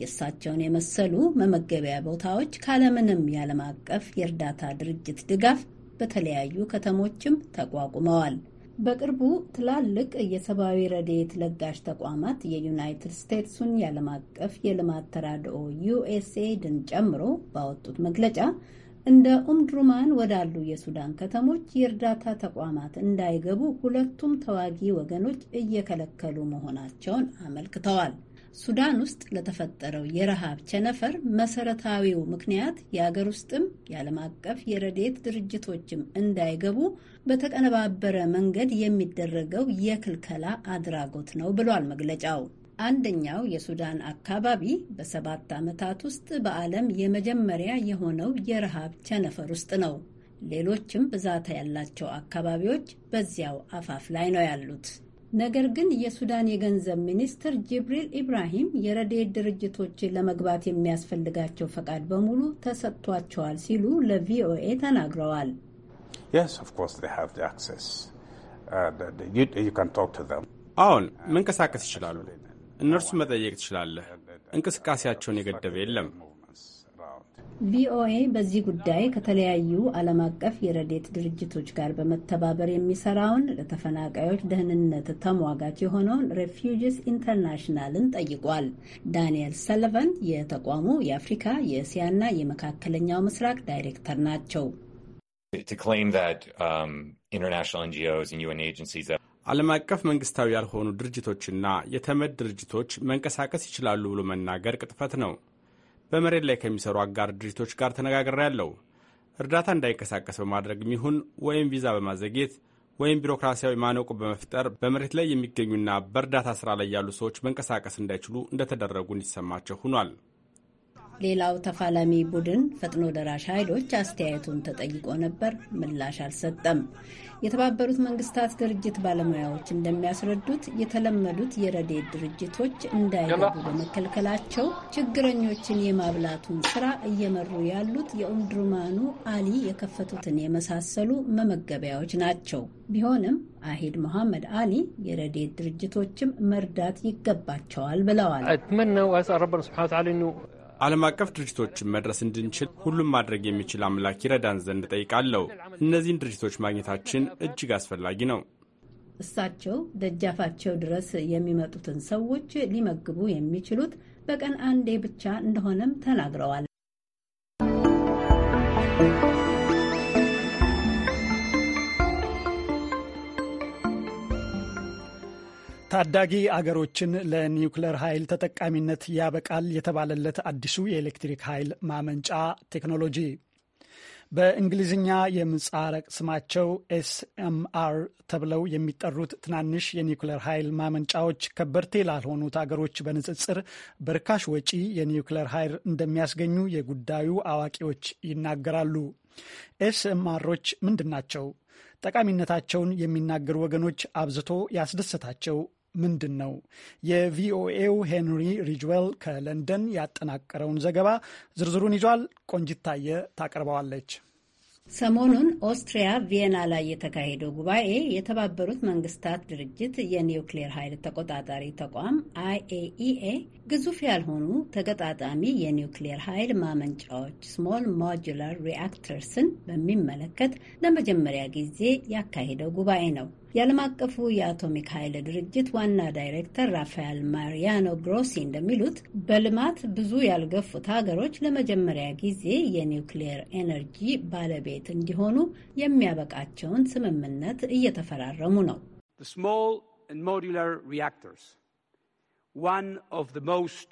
የእሳቸውን የመሰሉ መመገቢያ ቦታዎች ካለምንም የዓለም አቀፍ የእርዳታ ድርጅት ድጋፍ በተለያዩ ከተሞችም ተቋቁመዋል። በቅርቡ ትላልቅ የሰብአዊ ረድኤት ለጋሽ ተቋማት የዩናይትድ ስቴትሱን የዓለም አቀፍ የልማት ተራድኦ ዩኤስኤድን ጨምሮ ባወጡት መግለጫ እንደ ኡምድሩማን ወዳሉ የሱዳን ከተሞች የእርዳታ ተቋማት እንዳይገቡ ሁለቱም ተዋጊ ወገኖች እየከለከሉ መሆናቸውን አመልክተዋል። ሱዳን ውስጥ ለተፈጠረው የረሃብ ቸነፈር መሰረታዊው ምክንያት የአገር ውስጥም የዓለም አቀፍ የረድኤት ድርጅቶችም እንዳይገቡ በተቀነባበረ መንገድ የሚደረገው የክልከላ አድራጎት ነው ብሏል መግለጫው። አንደኛው የሱዳን አካባቢ በሰባት ዓመታት ውስጥ በዓለም የመጀመሪያ የሆነው የረሃብ ቸነፈር ውስጥ ነው። ሌሎችም ብዛት ያላቸው አካባቢዎች በዚያው አፋፍ ላይ ነው ያሉት። ነገር ግን የሱዳን የገንዘብ ሚኒስትር ጅብሪል ኢብራሂም የረድኤት ድርጅቶች ለመግባት የሚያስፈልጋቸው ፈቃድ በሙሉ ተሰጥቷቸዋል ሲሉ ለቪኦኤ ተናግረዋል። uh, አሁን መንቀሳቀስ ይችላሉ። እነርሱ መጠየቅ ትችላለህ። እንቅስቃሴያቸውን የገደበ የለም። ቪኦኤ በዚህ ጉዳይ ከተለያዩ ዓለም አቀፍ የረዴት ድርጅቶች ጋር በመተባበር የሚሰራውን ለተፈናቃዮች ደህንነት ተሟጋች የሆነውን ሬፊውጅስ ኢንተርናሽናልን ጠይቋል። ዳንኤል ሰለቨን የተቋሙ የአፍሪካ የእስያና የመካከለኛው ምስራቅ ዳይሬክተር ናቸው። ዓለም አቀፍ መንግስታዊ ያልሆኑ ድርጅቶችና የተመድ ድርጅቶች መንቀሳቀስ ይችላሉ ብሎ መናገር ቅጥፈት ነው። በመሬት ላይ ከሚሰሩ አጋር ድርጅቶች ጋር ያለው እርዳታ እንዳይንቀሳቀስ በማድረግ ሚሁን ወይም ቪዛ በማዘግየት ወይም ቢሮክራሲያዊ ማነቁ በመፍጠር በመሬት ላይ የሚገኙና በእርዳታ ስራ ላይ ያሉ ሰዎች መንቀሳቀስ እንዳይችሉ እንደተደረጉ እንዲሰማቸው ሆኗል። ሌላው ተፋላሚ ቡድን ፈጥኖ ደራሽ ኃይሎች አስተያየቱን ተጠይቆ ነበር፣ ምላሽ አልሰጠም። የተባበሩት መንግስታት ድርጅት ባለሙያዎች እንደሚያስረዱት የተለመዱት የረዴት ድርጅቶች እንዳይገቡ በመከልከላቸው ችግረኞችን የማብላቱን ስራ እየመሩ ያሉት የኡምድሩማኑ አሊ የከፈቱትን የመሳሰሉ መመገቢያዎች ናቸው። ቢሆንም አሂድ መሐመድ አሊ የረዴት ድርጅቶችም መርዳት ይገባቸዋል ብለዋል። ዓለም አቀፍ ድርጅቶችን መድረስ እንድንችል ሁሉም ማድረግ የሚችል አምላክ ይረዳን ዘንድ ጠይቃለሁ። እነዚህን ድርጅቶች ማግኘታችን እጅግ አስፈላጊ ነው። እሳቸው ደጃፋቸው ድረስ የሚመጡትን ሰዎች ሊመግቡ የሚችሉት በቀን አንዴ ብቻ እንደሆነም ተናግረዋል። ታዳጊ አገሮችን ለኒውክለር ኃይል ተጠቃሚነት ያበቃል የተባለለት አዲሱ የኤሌክትሪክ ኃይል ማመንጫ ቴክኖሎጂ በእንግሊዝኛ የምህጻረ ስማቸው ኤስኤምአር ተብለው የሚጠሩት ትናንሽ የኒውክለር ኃይል ማመንጫዎች ከበርቴ ላልሆኑት አገሮች በንጽጽር በርካሽ ወጪ የኒውክለር ኃይል እንደሚያስገኙ የጉዳዩ አዋቂዎች ይናገራሉ። ኤስኤምአሮች ምንድን ናቸው? ጠቃሚነታቸውን የሚናገሩ ወገኖች አብዝቶ ያስደሰታቸው ምንድን ነው? የቪኦኤው ሄንሪ ሪጅዌል ከለንደን ያጠናቀረውን ዘገባ ዝርዝሩን ይዟል። ቆንጅታየ ታቀርበዋለች። ሰሞኑን ኦስትሪያ ቪየና ላይ የተካሄደው ጉባኤ የተባበሩት መንግስታት ድርጅት የኒውክሌር ኃይል ተቆጣጣሪ ተቋም አይኤኢኤ ግዙፍ ያልሆኑ ተገጣጣሚ የኒውክሌር ኃይል ማመንጫዎች ስሞል ሞጁላር ሪአክተርስን በሚመለከት ለመጀመሪያ ጊዜ ያካሄደው ጉባኤ ነው። የዓለም አቀፉ የአቶሚክ ኃይል ድርጅት ዋና ዳይሬክተር ራፋኤል ማሪያኖ ግሮሲ እንደሚሉት በልማት ብዙ ያልገፉት ሀገሮች ለመጀመሪያ ጊዜ የኒውክሌር ኤነርጂ ባለቤት እንዲሆኑ የሚያበቃቸውን ስምምነት እየተፈራረሙ ነው። ስሞል ሞዲላር ሪያክተርስ ዋን ኦፍ ዘ ሞስት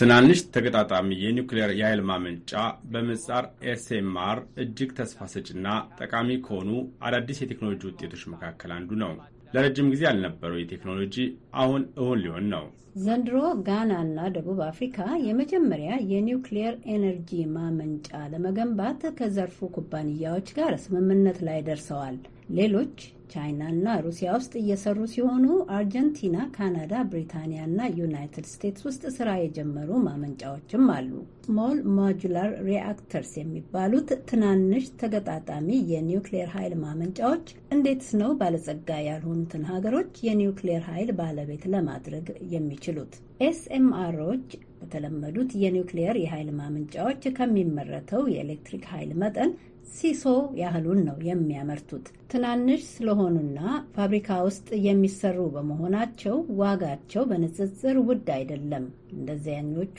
ትናንሽ ተገጣጣሚ የኒውክሌር የኃይል ማመንጫ በምጻር ኤስኤምአር እጅግ ተስፋ ሰጭና ጠቃሚ ከሆኑ አዳዲስ የቴክኖሎጂ ውጤቶች መካከል አንዱ ነው። ለረጅም ጊዜ ያልነበረው የቴክኖሎጂ አሁን እውን ሊሆን ነው። ዘንድሮ ጋና እና ደቡብ አፍሪካ የመጀመሪያ የኒውክሌር ኤነርጂ ማመንጫ ለመገንባት ከዘርፉ ኩባንያዎች ጋር ስምምነት ላይ ደርሰዋል። ሌሎች ቻይና እና ሩሲያ ውስጥ እየሰሩ ሲሆኑ አርጀንቲና፣ ካናዳ፣ ብሪታንያ እና ዩናይትድ ስቴትስ ውስጥ ስራ የጀመሩ ማመንጫዎችም አሉ። ስሞል ሞጁላር ሪአክተርስ የሚባሉት ትናንሽ ተገጣጣሚ የኒውክሌር ኃይል ማመንጫዎች እንዴትስ ነው ባለጸጋ ያልሆኑትን ሀገሮች የኒውክሌር ኃይል ባለቤት ለማድረግ የሚችሉት? ኤስኤምአሮች በተለመዱት የኒውክሌር የኃይል ማመንጫዎች ከሚመረተው የኤሌክትሪክ ኃይል መጠን ሲሶ ያህሉን ነው የሚያመርቱት። ትናንሽ ስለሆኑና ፋብሪካ ውስጥ የሚሰሩ በመሆናቸው ዋጋቸው በንጽጽር ውድ አይደለም። እንደዚያኞቹ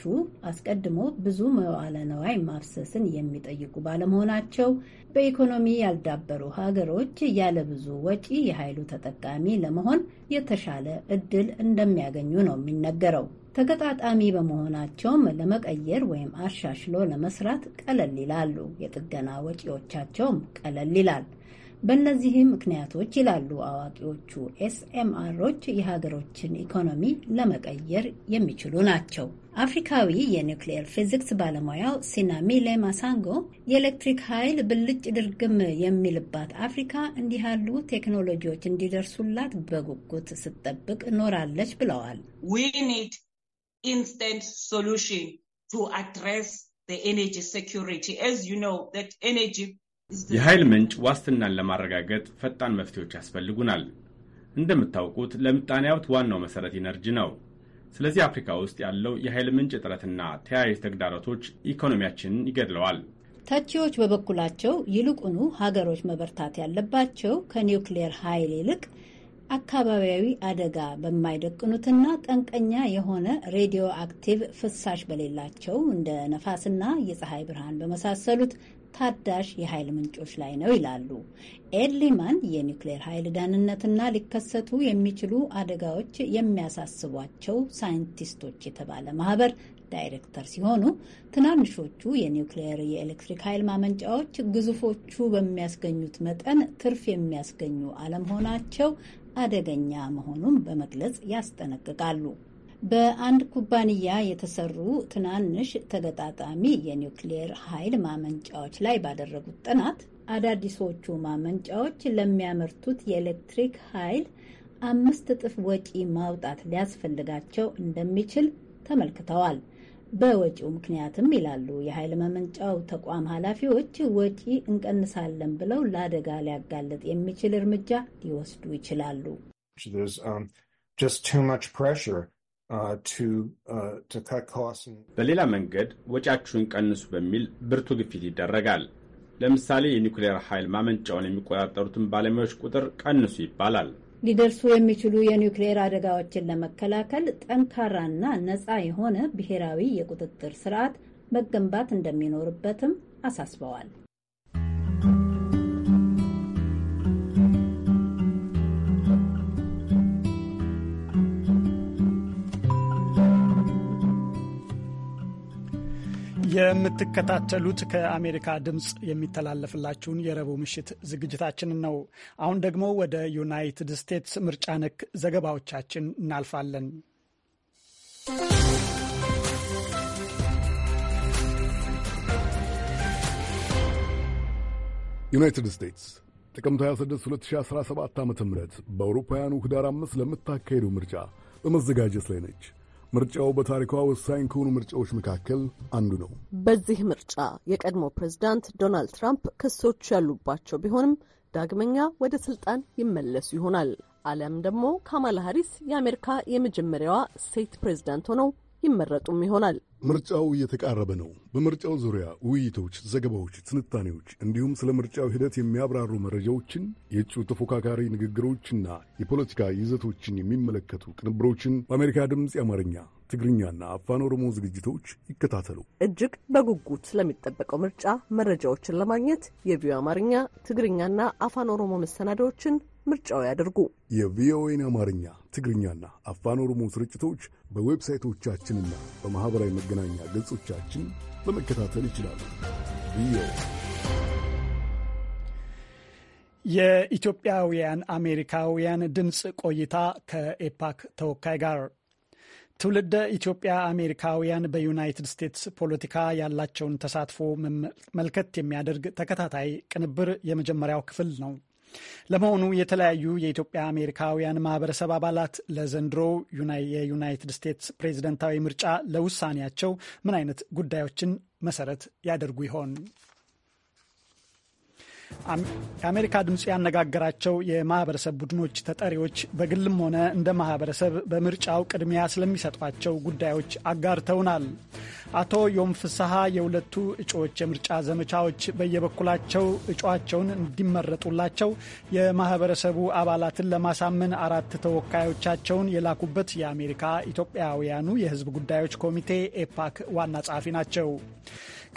አስቀድሞ ብዙ መዋለ ነዋይ ማፍሰስን የሚጠይቁ ባለመሆናቸው በኢኮኖሚ ያልዳበሩ ሀገሮች ያለ ብዙ ወጪ የኃይሉ ተጠቃሚ ለመሆን የተሻለ እድል እንደሚያገኙ ነው የሚነገረው። ተገጣጣሚ በመሆናቸውም ለመቀየር ወይም አሻሽሎ ለመስራት ቀለል ይላሉ። የጥገና ወጪዎቻቸውም ቀለል ይላል። በእነዚህም ምክንያቶች ይላሉ አዋቂዎቹ ኤስኤምአሮች የሀገሮችን ኢኮኖሚ ለመቀየር የሚችሉ ናቸው። አፍሪካዊ የኒውክሌር ፊዚክስ ባለሙያው ሲናሚሌ ማሳንጎ የኤሌክትሪክ ኃይል ብልጭ ድርግም የሚልባት አፍሪካ እንዲህ ያሉ ቴክኖሎጂዎች እንዲደርሱላት በጉጉት ስትጠብቅ ኖራለች ብለዋል። ኢንስታንት ሶሉሽን ቱ አድረስ ኤነርጂ ሴኩሪቲ ኤዝ ዩ ኖው ኤነርጂ የኃይል ምንጭ ዋስትናን ለማረጋገጥ ፈጣን መፍትሄዎች ያስፈልጉናል። እንደምታውቁት ለምጣኔ ሀብት ዋናው መሰረት ኢነርጂ ነው። ስለዚህ አፍሪካ ውስጥ ያለው የኃይል ምንጭ እጥረትና ተያያዥ ተግዳሮቶች ኢኮኖሚያችንን ይገድለዋል። ተቺዎች በበኩላቸው ይልቁኑ ሀገሮች መበርታት ያለባቸው ከኒውክሌር ኃይል ይልቅ አካባቢያዊ አደጋ በማይደቅኑትና ጠንቀኛ የሆነ ሬዲዮ አክቲቭ ፍሳሽ በሌላቸው እንደ ነፋስና የፀሐይ ብርሃን በመሳሰሉት ታዳሽ የኃይል ምንጮች ላይ ነው ይላሉ። ኤድሊማን የኒውክሌር ኃይል ደህንነትና ሊከሰቱ የሚችሉ አደጋዎች የሚያሳስቧቸው ሳይንቲስቶች የተባለ ማህበር ዳይሬክተር ሲሆኑ ትናንሾቹ የኒውክሌየር የኤሌክትሪክ ኃይል ማመንጫዎች ግዙፎቹ በሚያስገኙት መጠን ትርፍ የሚያስገኙ አለመሆናቸው አደገኛ መሆኑን በመግለጽ ያስጠነቅቃሉ። በአንድ ኩባንያ የተሰሩ ትናንሽ ተገጣጣሚ የኒውክሊየር ኃይል ማመንጫዎች ላይ ባደረጉት ጥናት አዳዲሶቹ ማመንጫዎች ለሚያመርቱት የኤሌክትሪክ ኃይል አምስት እጥፍ ወጪ ማውጣት ሊያስፈልጋቸው እንደሚችል ተመልክተዋል። በወጪው ምክንያትም ይላሉ የኃይል ማመንጫው ተቋም ኃላፊዎች፣ ወጪ እንቀንሳለን ብለው ለአደጋ ሊያጋልጥ የሚችል እርምጃ ሊወስዱ ይችላሉ። There's um, just too much pressure Uh, uh, በሌላ መንገድ ወጪያችሁን ቀንሱ በሚል ብርቱ ግፊት ይደረጋል። ለምሳሌ የኒውክሌር ኃይል ማመንጫውን የሚቆጣጠሩትን ባለሙያዎች ቁጥር ቀንሱ ይባላል። ሊደርሱ የሚችሉ የኒውክሌር አደጋዎችን ለመከላከል ጠንካራና ነፃ የሆነ ብሔራዊ የቁጥጥር ስርዓት መገንባት እንደሚኖርበትም አሳስበዋል። የምትከታተሉት ከአሜሪካ ድምፅ የሚተላለፍላችሁን የረቡዕ ምሽት ዝግጅታችንን ነው። አሁን ደግሞ ወደ ዩናይትድ ስቴትስ ምርጫ ነክ ዘገባዎቻችን እናልፋለን። ዩናይትድ ስቴትስ ጥቅምት 26 2017 ዓ ም በአውሮፓውያኑ ህዳር 5 ለምታካሄደው ምርጫ በመዘጋጀት ላይ ነች። ምርጫው በታሪኳ ወሳኝ ከሆኑ ምርጫዎች መካከል አንዱ ነው። በዚህ ምርጫ የቀድሞ ፕሬዝዳንት ዶናልድ ትራምፕ ክሶች ያሉባቸው ቢሆንም ዳግመኛ ወደ ስልጣን ይመለሱ ይሆናል አሊያም ደግሞ ካማላ ሀሪስ የአሜሪካ የመጀመሪያዋ ሴት ፕሬዝዳንት ሆነው ይመረጡም ይሆናል። ምርጫው እየተቃረበ ነው። በምርጫው ዙሪያ ውይይቶች፣ ዘገባዎች፣ ትንታኔዎች እንዲሁም ስለ ምርጫው ሂደት የሚያብራሩ መረጃዎችን፣ የእጩ ተፎካካሪ ንግግሮችና የፖለቲካ ይዘቶችን የሚመለከቱ ቅንብሮችን በአሜሪካ ድምፅ የአማርኛ ትግርኛና አፋን ኦሮሞ ዝግጅቶች ይከታተሉ። እጅግ በጉጉት ስለሚጠበቀው ምርጫ መረጃዎችን ለማግኘት የቪዮ አማርኛ ትግርኛና አፋን ኦሮሞ መሰናዳዎችን ምርጫው ያደርጉ። የቪኦኤን አማርኛ፣ ትግርኛና አፋን ኦሮሞ ስርጭቶች በዌብሳይቶቻችንና በማኅበራዊ መገናኛ ገጾቻችን በመከታተል ይችላሉ። የኢትዮጵያውያን አሜሪካውያን ድምፅ ቆይታ ከኤፓክ ተወካይ ጋር ትውልደ ኢትዮጵያ አሜሪካውያን በዩናይትድ ስቴትስ ፖለቲካ ያላቸውን ተሳትፎ መልከት የሚያደርግ ተከታታይ ቅንብር የመጀመሪያው ክፍል ነው። ለመሆኑ የተለያዩ የኢትዮጵያ አሜሪካውያን ማህበረሰብ አባላት ለዘንድሮ የዩናይትድ ስቴትስ ፕሬዝደንታዊ ምርጫ ለውሳኔያቸው ምን አይነት ጉዳዮችን መሰረት ያደርጉ ይሆን? የአሜሪካ ድምፅ ያነጋገራቸው የማህበረሰብ ቡድኖች ተጠሪዎች በግልም ሆነ እንደ ማህበረሰብ በምርጫው ቅድሚያ ስለሚሰጧቸው ጉዳዮች አጋርተውናል። አቶ ዮም ፍስሐ የሁለቱ እጩዎች የምርጫ ዘመቻዎች በየበኩላቸው እጩዋቸውን እንዲመረጡላቸው የማህበረሰቡ አባላትን ለማሳመን አራት ተወካዮቻቸውን የላኩበት የአሜሪካ ኢትዮጵያውያኑ የህዝብ ጉዳዮች ኮሚቴ ኤፓክ ዋና ጸሐፊ ናቸው።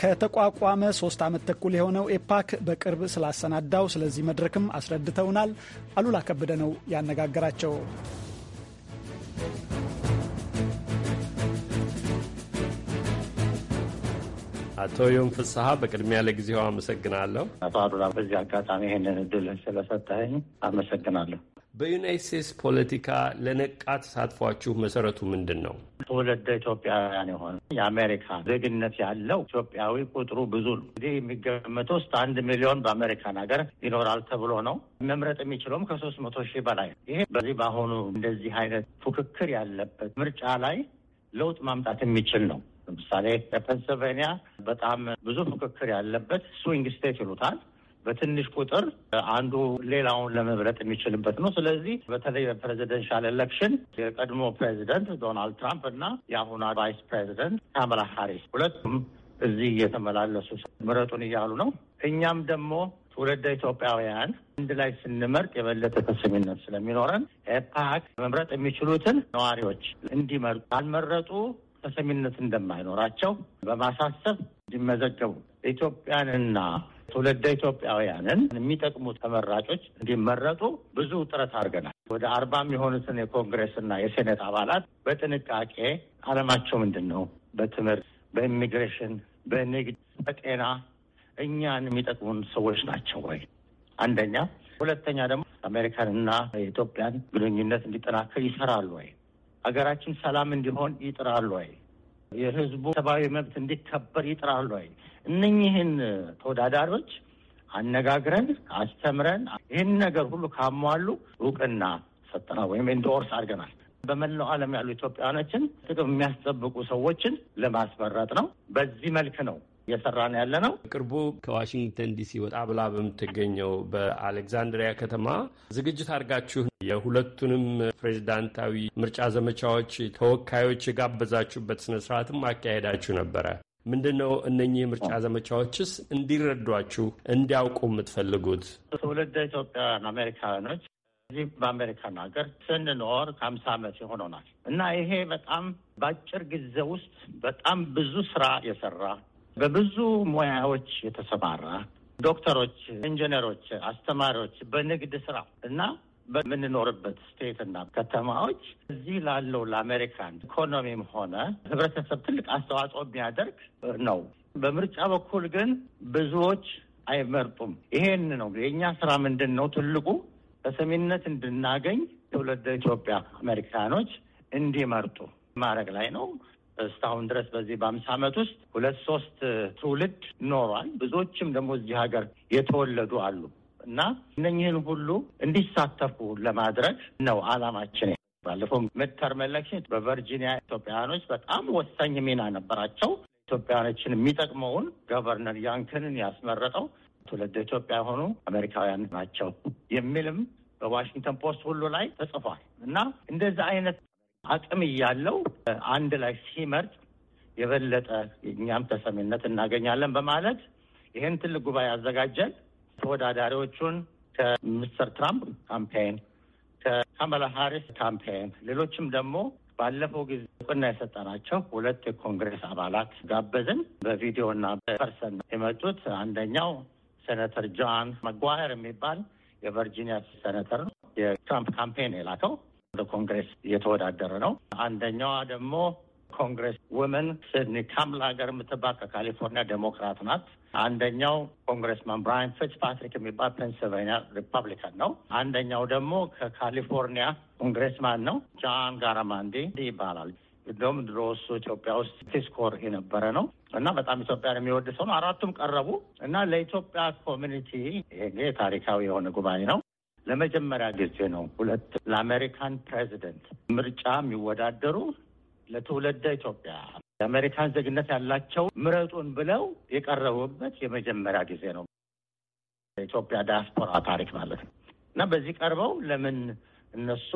ከተቋቋመ ሶስት ዓመት ተኩል የሆነው ኤፓክ በቅርብ ስላሰናዳው ስለዚህ መድረክም አስረድተውናል። አሉላ ከበደ ነው ያነጋገራቸው። አቶ ዮም ፍስሀ በቅድሚያ ለጊዜው አመሰግናለሁ። አቶ አዱላ በዚህ አጋጣሚ ይህንን እድል ስለሰጠኝ አመሰግናለሁ። በዩናይት ስቴትስ ፖለቲካ ለነቃ ተሳትፏችሁ መሰረቱ ምንድን ነው? ትውልደ ኢትዮጵያውያን የሆነ የአሜሪካ ዜግነት ያለው ኢትዮጵያዊ ቁጥሩ ብዙ ነው። እንግዲህ የሚገመተው ውስጥ አንድ ሚሊዮን በአሜሪካን ሀገር ይኖራል ተብሎ ነው። መምረጥ የሚችለውም ከሶስት መቶ ሺህ በላይ ይሄ በዚህ በአሁኑ እንደዚህ አይነት ፉክክር ያለበት ምርጫ ላይ ለውጥ ማምጣት የሚችል ነው። ለምሳሌ ፐንስልቬኒያ በጣም ብዙ ፉክክር ያለበት ስዊንግ ስቴት ይሉታል። በትንሽ ቁጥር አንዱ ሌላውን ለመብረጥ የሚችልበት ነው። ስለዚህ በተለይ በፕሬዚደንሻል ኤሌክሽን የቀድሞ ፕሬዚደንት ዶናልድ ትራምፕ እና የአሁኑ ቫይስ ፕሬዚደንት ካማላ ሀሪስ ሁለቱም እዚህ እየተመላለሱ ምረጡን እያሉ ነው። እኛም ደግሞ ትውልደ ኢትዮጵያውያን አንድ ላይ ስንመርጥ የበለጠ ተሰሚነት ስለሚኖረን ኤፓክ መምረጥ የሚችሉትን ነዋሪዎች እንዲመርጡ ካልመረጡ ተሰሚነት እንደማይኖራቸው በማሳሰብ እንዲመዘገቡ ኢትዮጵያንና ትውልደ ኢትዮጵያውያንን የሚጠቅሙ ተመራጮች እንዲመረጡ ብዙ ጥረት አድርገናል። ወደ የሆኑትን የኮንግሬስ የኮንግሬስና የሴኔት አባላት በጥንቃቄ አለማቸው ምንድን ነው? በትምህርት፣ በኢሚግሬሽን፣ በንግድ፣ በጤና እኛን የሚጠቅሙን ሰዎች ናቸው ወይ? አንደኛ። ሁለተኛ ደግሞ አሜሪካንና የኢትዮጵያን ግንኙነት እንዲጠናከር ይሰራሉ ወይ? ሀገራችን ሰላም እንዲሆን ይጥራሉ ወይ? የህዝቡ ሰብአዊ መብት እንዲከበር ይጥራሉ ወይ? እነኚህን ተወዳዳሪዎች አነጋግረን አስተምረን ይህን ነገር ሁሉ ካሟሉ እውቅና ሰጠና ወይም ኢንዶርስ አድርገናል። በመላው ዓለም ያሉ ኢትዮጵያውያኖችን ጥቅም የሚያስጠብቁ ሰዎችን ለማስመረጥ ነው። በዚህ መልክ ነው እየሰራን ያለ ነው። ቅርቡ ከዋሽንግተን ዲሲ ወጣ ብላ በምትገኘው በአሌክዛንድሪያ ከተማ ዝግጅት አድርጋችሁ የሁለቱንም ፕሬዚዳንታዊ ምርጫ ዘመቻዎች ተወካዮች የጋበዛችሁበት ስነስርዓትም አካሄዳችሁ ነበረ። ምንድን ነው እነኚህ የምርጫ ዘመቻዎችስ እንዲረዷችሁ እንዲያውቁ የምትፈልጉት? ትውልደ ኢትዮጵያውያን አሜሪካውያኖች እዚህ በአሜሪካን ሀገር ስንኖር ከአምሳ ዓመት የሆነናል እና ይሄ በጣም በአጭር ጊዜ ውስጥ በጣም ብዙ ስራ የሰራ በብዙ ሙያዎች የተሰማራ ዶክተሮች፣ ኢንጂነሮች፣ አስተማሪዎች በንግድ ስራ እና በምንኖርበት ስቴትና ከተማዎች እዚህ ላለው ለአሜሪካን ኢኮኖሚም ሆነ ህብረተሰብ ትልቅ አስተዋጽኦ የሚያደርግ ነው። በምርጫ በኩል ግን ብዙዎች አይመርጡም። ይሄን ነው የእኛ ስራ ምንድን ነው ትልቁ በሰሜንነት እንድናገኝ ትውልደ ኢትዮጵያ አሜሪካኖች እንዲመርጡ ማድረግ ላይ ነው። እስካሁን ድረስ በዚህ በአምሳ ዓመት ውስጥ ሁለት ሶስት ትውልድ ኖሯል። ብዙዎችም ደግሞ እዚህ ሀገር የተወለዱ አሉ። እና እነኝህን ሁሉ እንዲሳተፉ ለማድረግ ነው አላማችን። ባለፈው ምድተርም ኤሌክሽን በቨርጂኒያ ኢትዮጵያውያኖች በጣም ወሳኝ ሚና ነበራቸው። ኢትዮጵያውያኖችን የሚጠቅመውን ገቨርነር ያንክንን ያስመረጠው ትውልድ ኢትዮጵያ የሆኑ አሜሪካውያን ናቸው የሚልም በዋሽንግተን ፖስት ሁሉ ላይ ተጽፏል እና እንደዚህ አይነት አቅም እያለው አንድ ላይ ሲመርጥ የበለጠ እኛም ተሰሚነት እናገኛለን በማለት ይህን ትልቅ ጉባኤ አዘጋጀን። ተወዳዳሪዎቹን ከሚስተር ትራምፕ ካምፔን፣ ከካማላ ሃሪስ ካምፔን ሌሎችም ደግሞ ባለፈው ጊዜ እውቅና የሰጠናቸው ሁለት የኮንግሬስ አባላት ጋበዝን። በቪዲዮ እና በፐርሰን የመጡት አንደኛው ሴነተር ጆን መጓየር የሚባል የቨርጂኒያ ሴነተር ነው። የትራምፕ ካምፔን የላከው ወደ ኮንግሬስ እየተወዳደረ ነው። አንደኛዋ ደግሞ ኮንግረስ ውመን ሲድኒ ሀገር የምትባል ከካሊፎርኒያ ዴሞክራት ናት። አንደኛው ኮንግረስማን ብራይን ፊትዝ ፓትሪክ የሚባል ፔንስልቬኒያ ሪፐብሊካን ነው። አንደኛው ደግሞ ከካሊፎርኒያ ኮንግረስማን ነው፣ ጃን ጋራማንዲ ይባላል። እንደውም ድሮ እሱ ኢትዮጵያ ውስጥ ቲስኮር የነበረ ነው እና በጣም ኢትዮጵያን የሚወድ ሰው ነው። አራቱም ቀረቡ እና ለኢትዮጵያ ኮሚኒቲ ይሄ ታሪካዊ የሆነ ጉባኤ ነው። ለመጀመሪያ ጊዜ ነው ሁለት ለአሜሪካን ፕሬዚደንት ምርጫ የሚወዳደሩ ለትውልደ ኢትዮጵያ የአሜሪካን ዜግነት ያላቸው ምረጡን ብለው የቀረቡበት የመጀመሪያ ጊዜ ነው። ኢትዮጵያ ዳያስፖራ ታሪክ ማለት ነው እና በዚህ ቀርበው ለምን እነሱ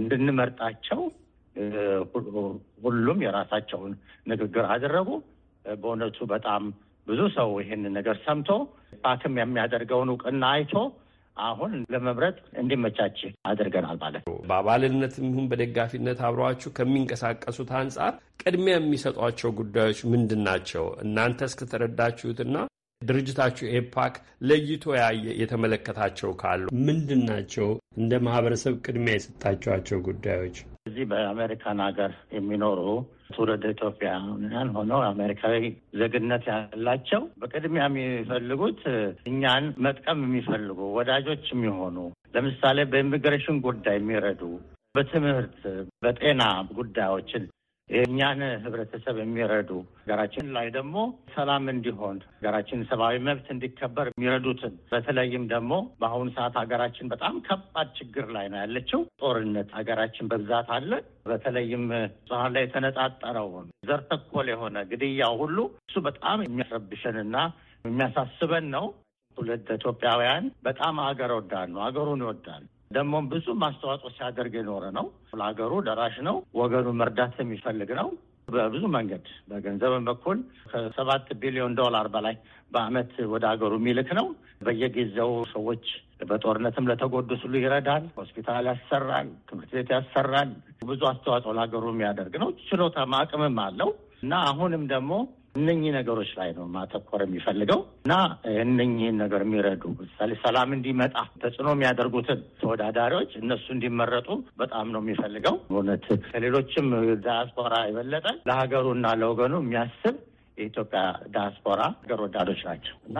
እንድንመርጣቸው ሁሉም የራሳቸውን ንግግር አደረጉ። በእውነቱ በጣም ብዙ ሰው ይህን ነገር ሰምቶ ፓክም የሚያደርገውን እውቅና አይቶ አሁን ለመምረጥ እንዲመቻች አድርገናል ማለት ነው። በአባልነትም ይሁን በደጋፊነት አብረዋችሁ ከሚንቀሳቀሱት አንጻር ቅድሚያ የሚሰጧቸው ጉዳዮች ምንድን ናቸው? እናንተ እስከተረዳችሁትና ድርጅታችሁ ኤፓክ ለይቶ ያየ የተመለከታቸው ካሉ ምንድን ናቸው? እንደ ማህበረሰብ ቅድሚያ የሰጣችኋቸው ጉዳዮች እዚህ በአሜሪካን ሀገር የሚኖሩ ትውልደ ኢትዮጵያውያን ሆነው አሜሪካዊ ዜግነት ያላቸው በቅድሚያ የሚፈልጉት እኛን መጥቀም የሚፈልጉ ወዳጆች የሚሆኑ ለምሳሌ በኢሚግሬሽን ጉዳይ የሚረዱ በትምህርት በጤና ጉዳዮችን የእኛን ህብረተሰብ የሚረዱ ሀገራችን ላይ ደግሞ ሰላም እንዲሆን ሀገራችን ሰብአዊ መብት እንዲከበር የሚረዱትን በተለይም ደግሞ በአሁኑ ሰዓት ሀገራችን በጣም ከባድ ችግር ላይ ነው ያለችው። ጦርነት ሀገራችን በብዛት አለ። በተለይም ጽሀን ላይ የተነጣጠረውን ዘር የሆነ ግድያ ሁሉ እሱ በጣም የሚያስረብሸንና የሚያሳስበን ነው። ሁለት ኢትዮጵያውያን በጣም አገር ወዳሉ አገሩን ይወዳሉ። ይወዳል። ደግሞም ብዙ ማስተዋጽኦ ሲያደርግ የኖረ ነው። ለሀገሩ ደራሽ ነው። ወገኑ መርዳት የሚፈልግ ነው። በብዙ መንገድ በገንዘብን በኩል ከሰባት ቢሊዮን ዶላር በላይ በአመት ወደ ሀገሩ የሚልክ ነው። በየጊዜው ሰዎች በጦርነትም ለተጎዱ ስሉ ይረዳል። ሆስፒታል ያሰራል፣ ትምህርት ቤት ያሰራል። ብዙ አስተዋጽኦ ለሀገሩ የሚያደርግ ነው። ችሎታ አቅምም አለው እና አሁንም ደግሞ እነኚህ ነገሮች ላይ ነው ማተኮር የሚፈልገው እና እነኚህን ነገር የሚረዱ ምሳሌ ሰላም እንዲመጣ ተጽዕኖ የሚያደርጉትን ተወዳዳሪዎች እነሱ እንዲመረጡ በጣም ነው የሚፈልገው። እውነት ከሌሎችም ዳያስፖራ የበለጠ ለሀገሩና ለወገኑ የሚያስብ የኢትዮጵያ ዳያስፖራ ሀገር ወዳዶች ናቸው እና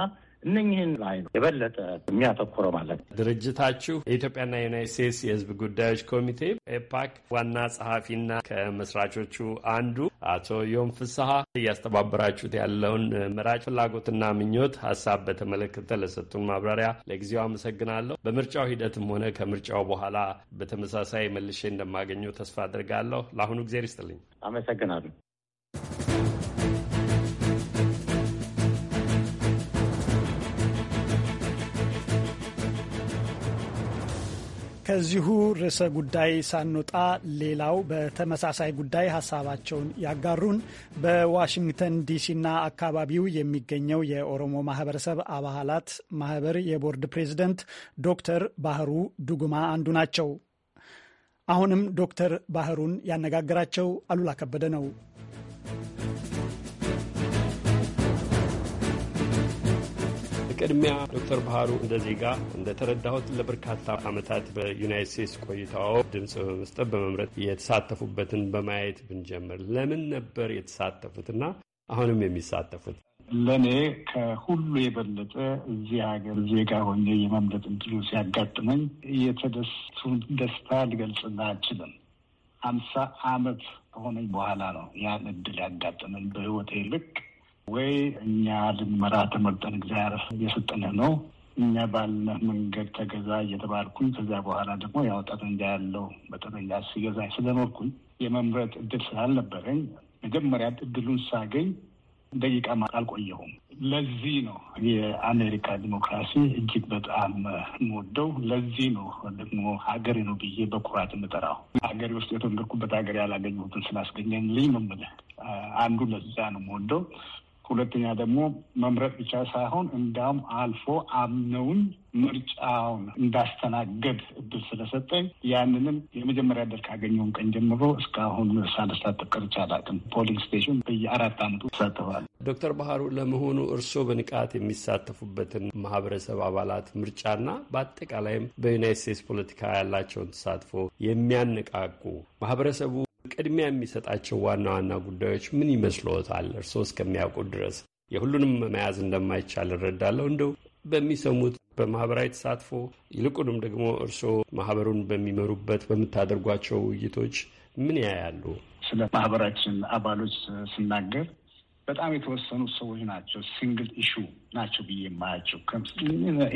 እነኝህን ላይ ነው የበለጠ የሚያተኩረው ማለት ነው። ድርጅታችሁ የኢትዮጵያና የዩናይት ስቴትስ የህዝብ ጉዳዮች ኮሚቴ ኤፓክ ዋና ጸሐፊና ከመስራቾቹ አንዱ አቶ ዮም ፍስሐ እያስተባበራችሁት ያለውን መራጭ ፍላጎትና ምኞት ሀሳብ በተመለከተ ለሰጡን ማብራሪያ ለጊዜው አመሰግናለሁ። በምርጫው ሂደትም ሆነ ከምርጫው በኋላ በተመሳሳይ መልሼ እንደማገኘው ተስፋ አድርጋለሁ። ለአሁኑ ጊዜ ይስጥልኝ። አመሰግናለሁ። ከዚሁ ርዕሰ ጉዳይ ሳንወጣ ሌላው በተመሳሳይ ጉዳይ ሀሳባቸውን ያጋሩን በዋሽንግተን ዲሲና አካባቢው የሚገኘው የኦሮሞ ማህበረሰብ አባላት ማህበር የቦርድ ፕሬዝደንት ዶክተር ባህሩ ዱጉማ አንዱ ናቸው። አሁንም ዶክተር ባህሩን ያነጋግራቸው አሉላ ከበደ ነው። በቅድሚያ ዶክተር ባህሩ እንደ ዜጋ እንደተረዳሁት ለበርካታ ዓመታት በዩናይት ስቴትስ ቆይታዎ ድምፅ በመስጠት በመምረጥ የተሳተፉበትን በማየት ብንጀምር ለምን ነበር የተሳተፉትና አሁንም የሚሳተፉት? ለእኔ ከሁሉ የበለጠ እዚህ ሀገር ዜጋ ሆኜ የመምረጥ እድሉ ሲያጋጥመኝ የተደሱን ደስታ ልገልጽና አልችልም። ሀምሳ ዓመት ከሆነኝ በኋላ ነው ያን እድል ያጋጥመኝ በህይወቴ ልክ ወይ እኛ ልመራ ተመርጠን እግዚአብሔር እየሰጠንህ ነው እኛ ባለ መንገድ ተገዛ እየተባልኩኝ ከዚያ በኋላ ደግሞ ያው ጠመንጃ ያለው በጠመንጃ ሲገዛ ስለኖርኩኝ የመምረጥ እድል ስላልነበረኝ መጀመሪያ እድሉን ሳገኝ ደቂቃ ማ አልቆየሁም። ለዚህ ነው የአሜሪካ ዲሞክራሲ እጅግ በጣም የምወደው። ለዚህ ነው ደግሞ ሀገሬ ነው ብዬ በኩራት የምጠራው። ሀገሬ ውስጥ የተወለድኩበት ሀገር ያላገኘሁትን ስላስገኘልኝ ነው የምልህ። አንዱ ለዛ ነው የምወደው። ሁለተኛ ደግሞ መምረጥ ብቻ ሳይሆን እንዳውም አልፎ አምነውን ምርጫውን እንዳስተናገድ እድል ስለሰጠኝ ያንንም የመጀመሪያ ደር ካገኘውን ቀን ጀምሮ እስካሁን ሳልሳተፍ ቀርቼ አላውቅም። ፖሊንግ ስቴሽን በየአራት ዓመቱ ይሳተፋል። ዶክተር ባህሩ ለመሆኑ እርስዎ በንቃት የሚሳተፉበትን ማህበረሰብ አባላት ምርጫና በአጠቃላይም በዩናይት ስቴትስ ፖለቲካ ያላቸውን ተሳትፎ የሚያነቃቁ ማህበረሰቡ ቅድሚያ የሚሰጣቸው ዋና ዋና ጉዳዮች ምን ይመስልዎታል? እርስዎ እስከሚያውቁት ድረስ የሁሉንም መያዝ እንደማይቻል እረዳለሁ። እንደው በሚሰሙት በማህበራዊ ተሳትፎ ይልቁንም ደግሞ እርስዎ ማህበሩን በሚመሩበት በምታደርጓቸው ውይይቶች ምን ያያሉ? ስለ ማህበራችን አባሎች ስናገር በጣም የተወሰኑ ሰዎች ናቸው። ሲንግል ኢሹ ናቸው ብዬ የማያቸው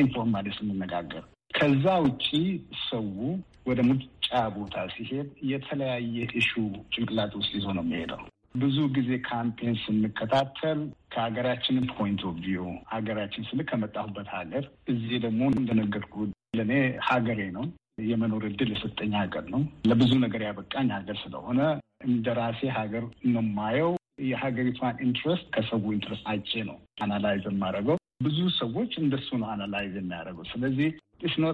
ኢንፎርማሊ ስንነጋገር ከዛ ውጪ ሰው ወደ ሙጫ ቦታ ሲሄድ የተለያየ እሹ ጭንቅላት ውስጥ ይዞ ነው የሚሄደው። ብዙ ጊዜ ካምፔን ስንከታተል ከሀገራችን ፖይንት ኦፍ ቪው ሀገራችን ስል ከመጣሁበት ሀገር እዚህ ደግሞ እንደነገርኩ ለእኔ ሀገሬ ነው የመኖር እድል የሰጠኝ ሀገር ነው። ለብዙ ነገር ያበቃኝ ሀገር ስለሆነ እንደ ራሴ ሀገር ነው የማየው። የሀገሪቷን ኢንትረስት ከሰው ኢንትረስት አጭ ነው አናላይዝ የማደርገው። ብዙ ሰዎች እንደሱ ነው አናላይዝ የሚያደርገው። ስለዚህ የኛ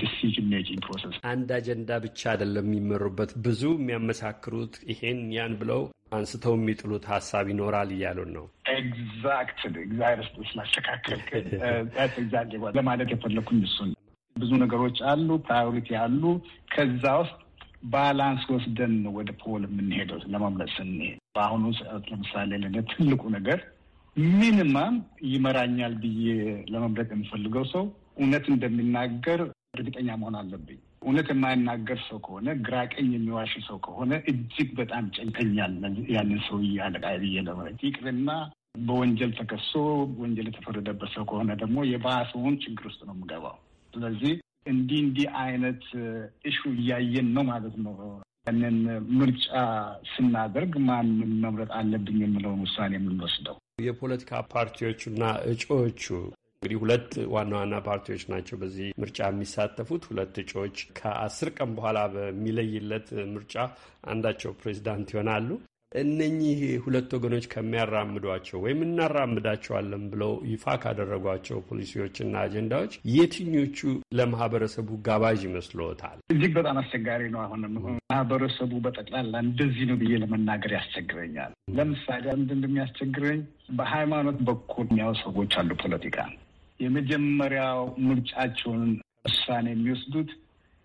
ዲሲዥን ሜኪንግ ፕሮሰስ አንድ አጀንዳ ብቻ አይደለም የሚመሩበት። ብዙ የሚያመሳክሩት ይሄን ያን ብለው አንስተው የሚጥሉት ሀሳብ ይኖራል እያሉን ነው። ኤግዛክት ኤግዛክት ስላስተካከል ለማለት የፈለኩኝ እሱን ብዙ ነገሮች አሉ፣ ፕራዮሪቲ አሉ። ከዛ ውስጥ ባላንስ ወስደን ወደ ፖል የምንሄደው ለመምለስ ስንሄድ በአሁኑ ሰዓት ለምሳሌ ለእኔ ትልቁ ነገር ሚኒማም ይመራኛል ብዬ ለመምረጥ የምፈልገው ሰው እውነት እንደሚናገር እርግጠኛ መሆን አለብኝ። እውነት የማይናገር ሰው ከሆነ ግራ ቀኝ የሚዋሽ ሰው ከሆነ እጅግ በጣም ጨንቀኛል። ያንን ሰው አለቃ ብዬ ለመረጅ ይቅርና በወንጀል ተከሶ ወንጀል የተፈረደበት ሰው ከሆነ ደግሞ የባሰውን ችግር ውስጥ ነው የምገባው። ስለዚህ እንዲህ እንዲህ አይነት እሹ እያየን ነው ማለት ነው። ያንን ምርጫ ስናደርግ ማንን መምረጥ አለብኝ የምለውን ውሳኔ የምንወስደው የፖለቲካ ፓርቲዎቹና እጩዎቹ እንግዲህ ሁለት ዋና ዋና ፓርቲዎች ናቸው በዚህ ምርጫ የሚሳተፉት። ሁለት እጩዎች ከአስር ቀን በኋላ በሚለይለት ምርጫ አንዳቸው ፕሬዚዳንት ይሆናሉ። እነኚህ ሁለት ወገኖች ከሚያራምዷቸው ወይም እናራምዳቸዋለን ብለው ይፋ ካደረጓቸው ፖሊሲዎችና አጀንዳዎች የትኞቹ ለማህበረሰቡ ጋባዥ ይመስልዎታል? እጅግ በጣም አስቸጋሪ ነው። አሁንም ማህበረሰቡ በጠቅላላ እንደዚህ ነው ብዬ ለመናገር ያስቸግረኛል። ለምሳሌ አንድ እንደሚያስቸግረኝ በሃይማኖት በኩል የሚያው ሰዎች አሉ። ፖለቲካ የመጀመሪያው ምርጫቸውን ውሳኔ የሚወስዱት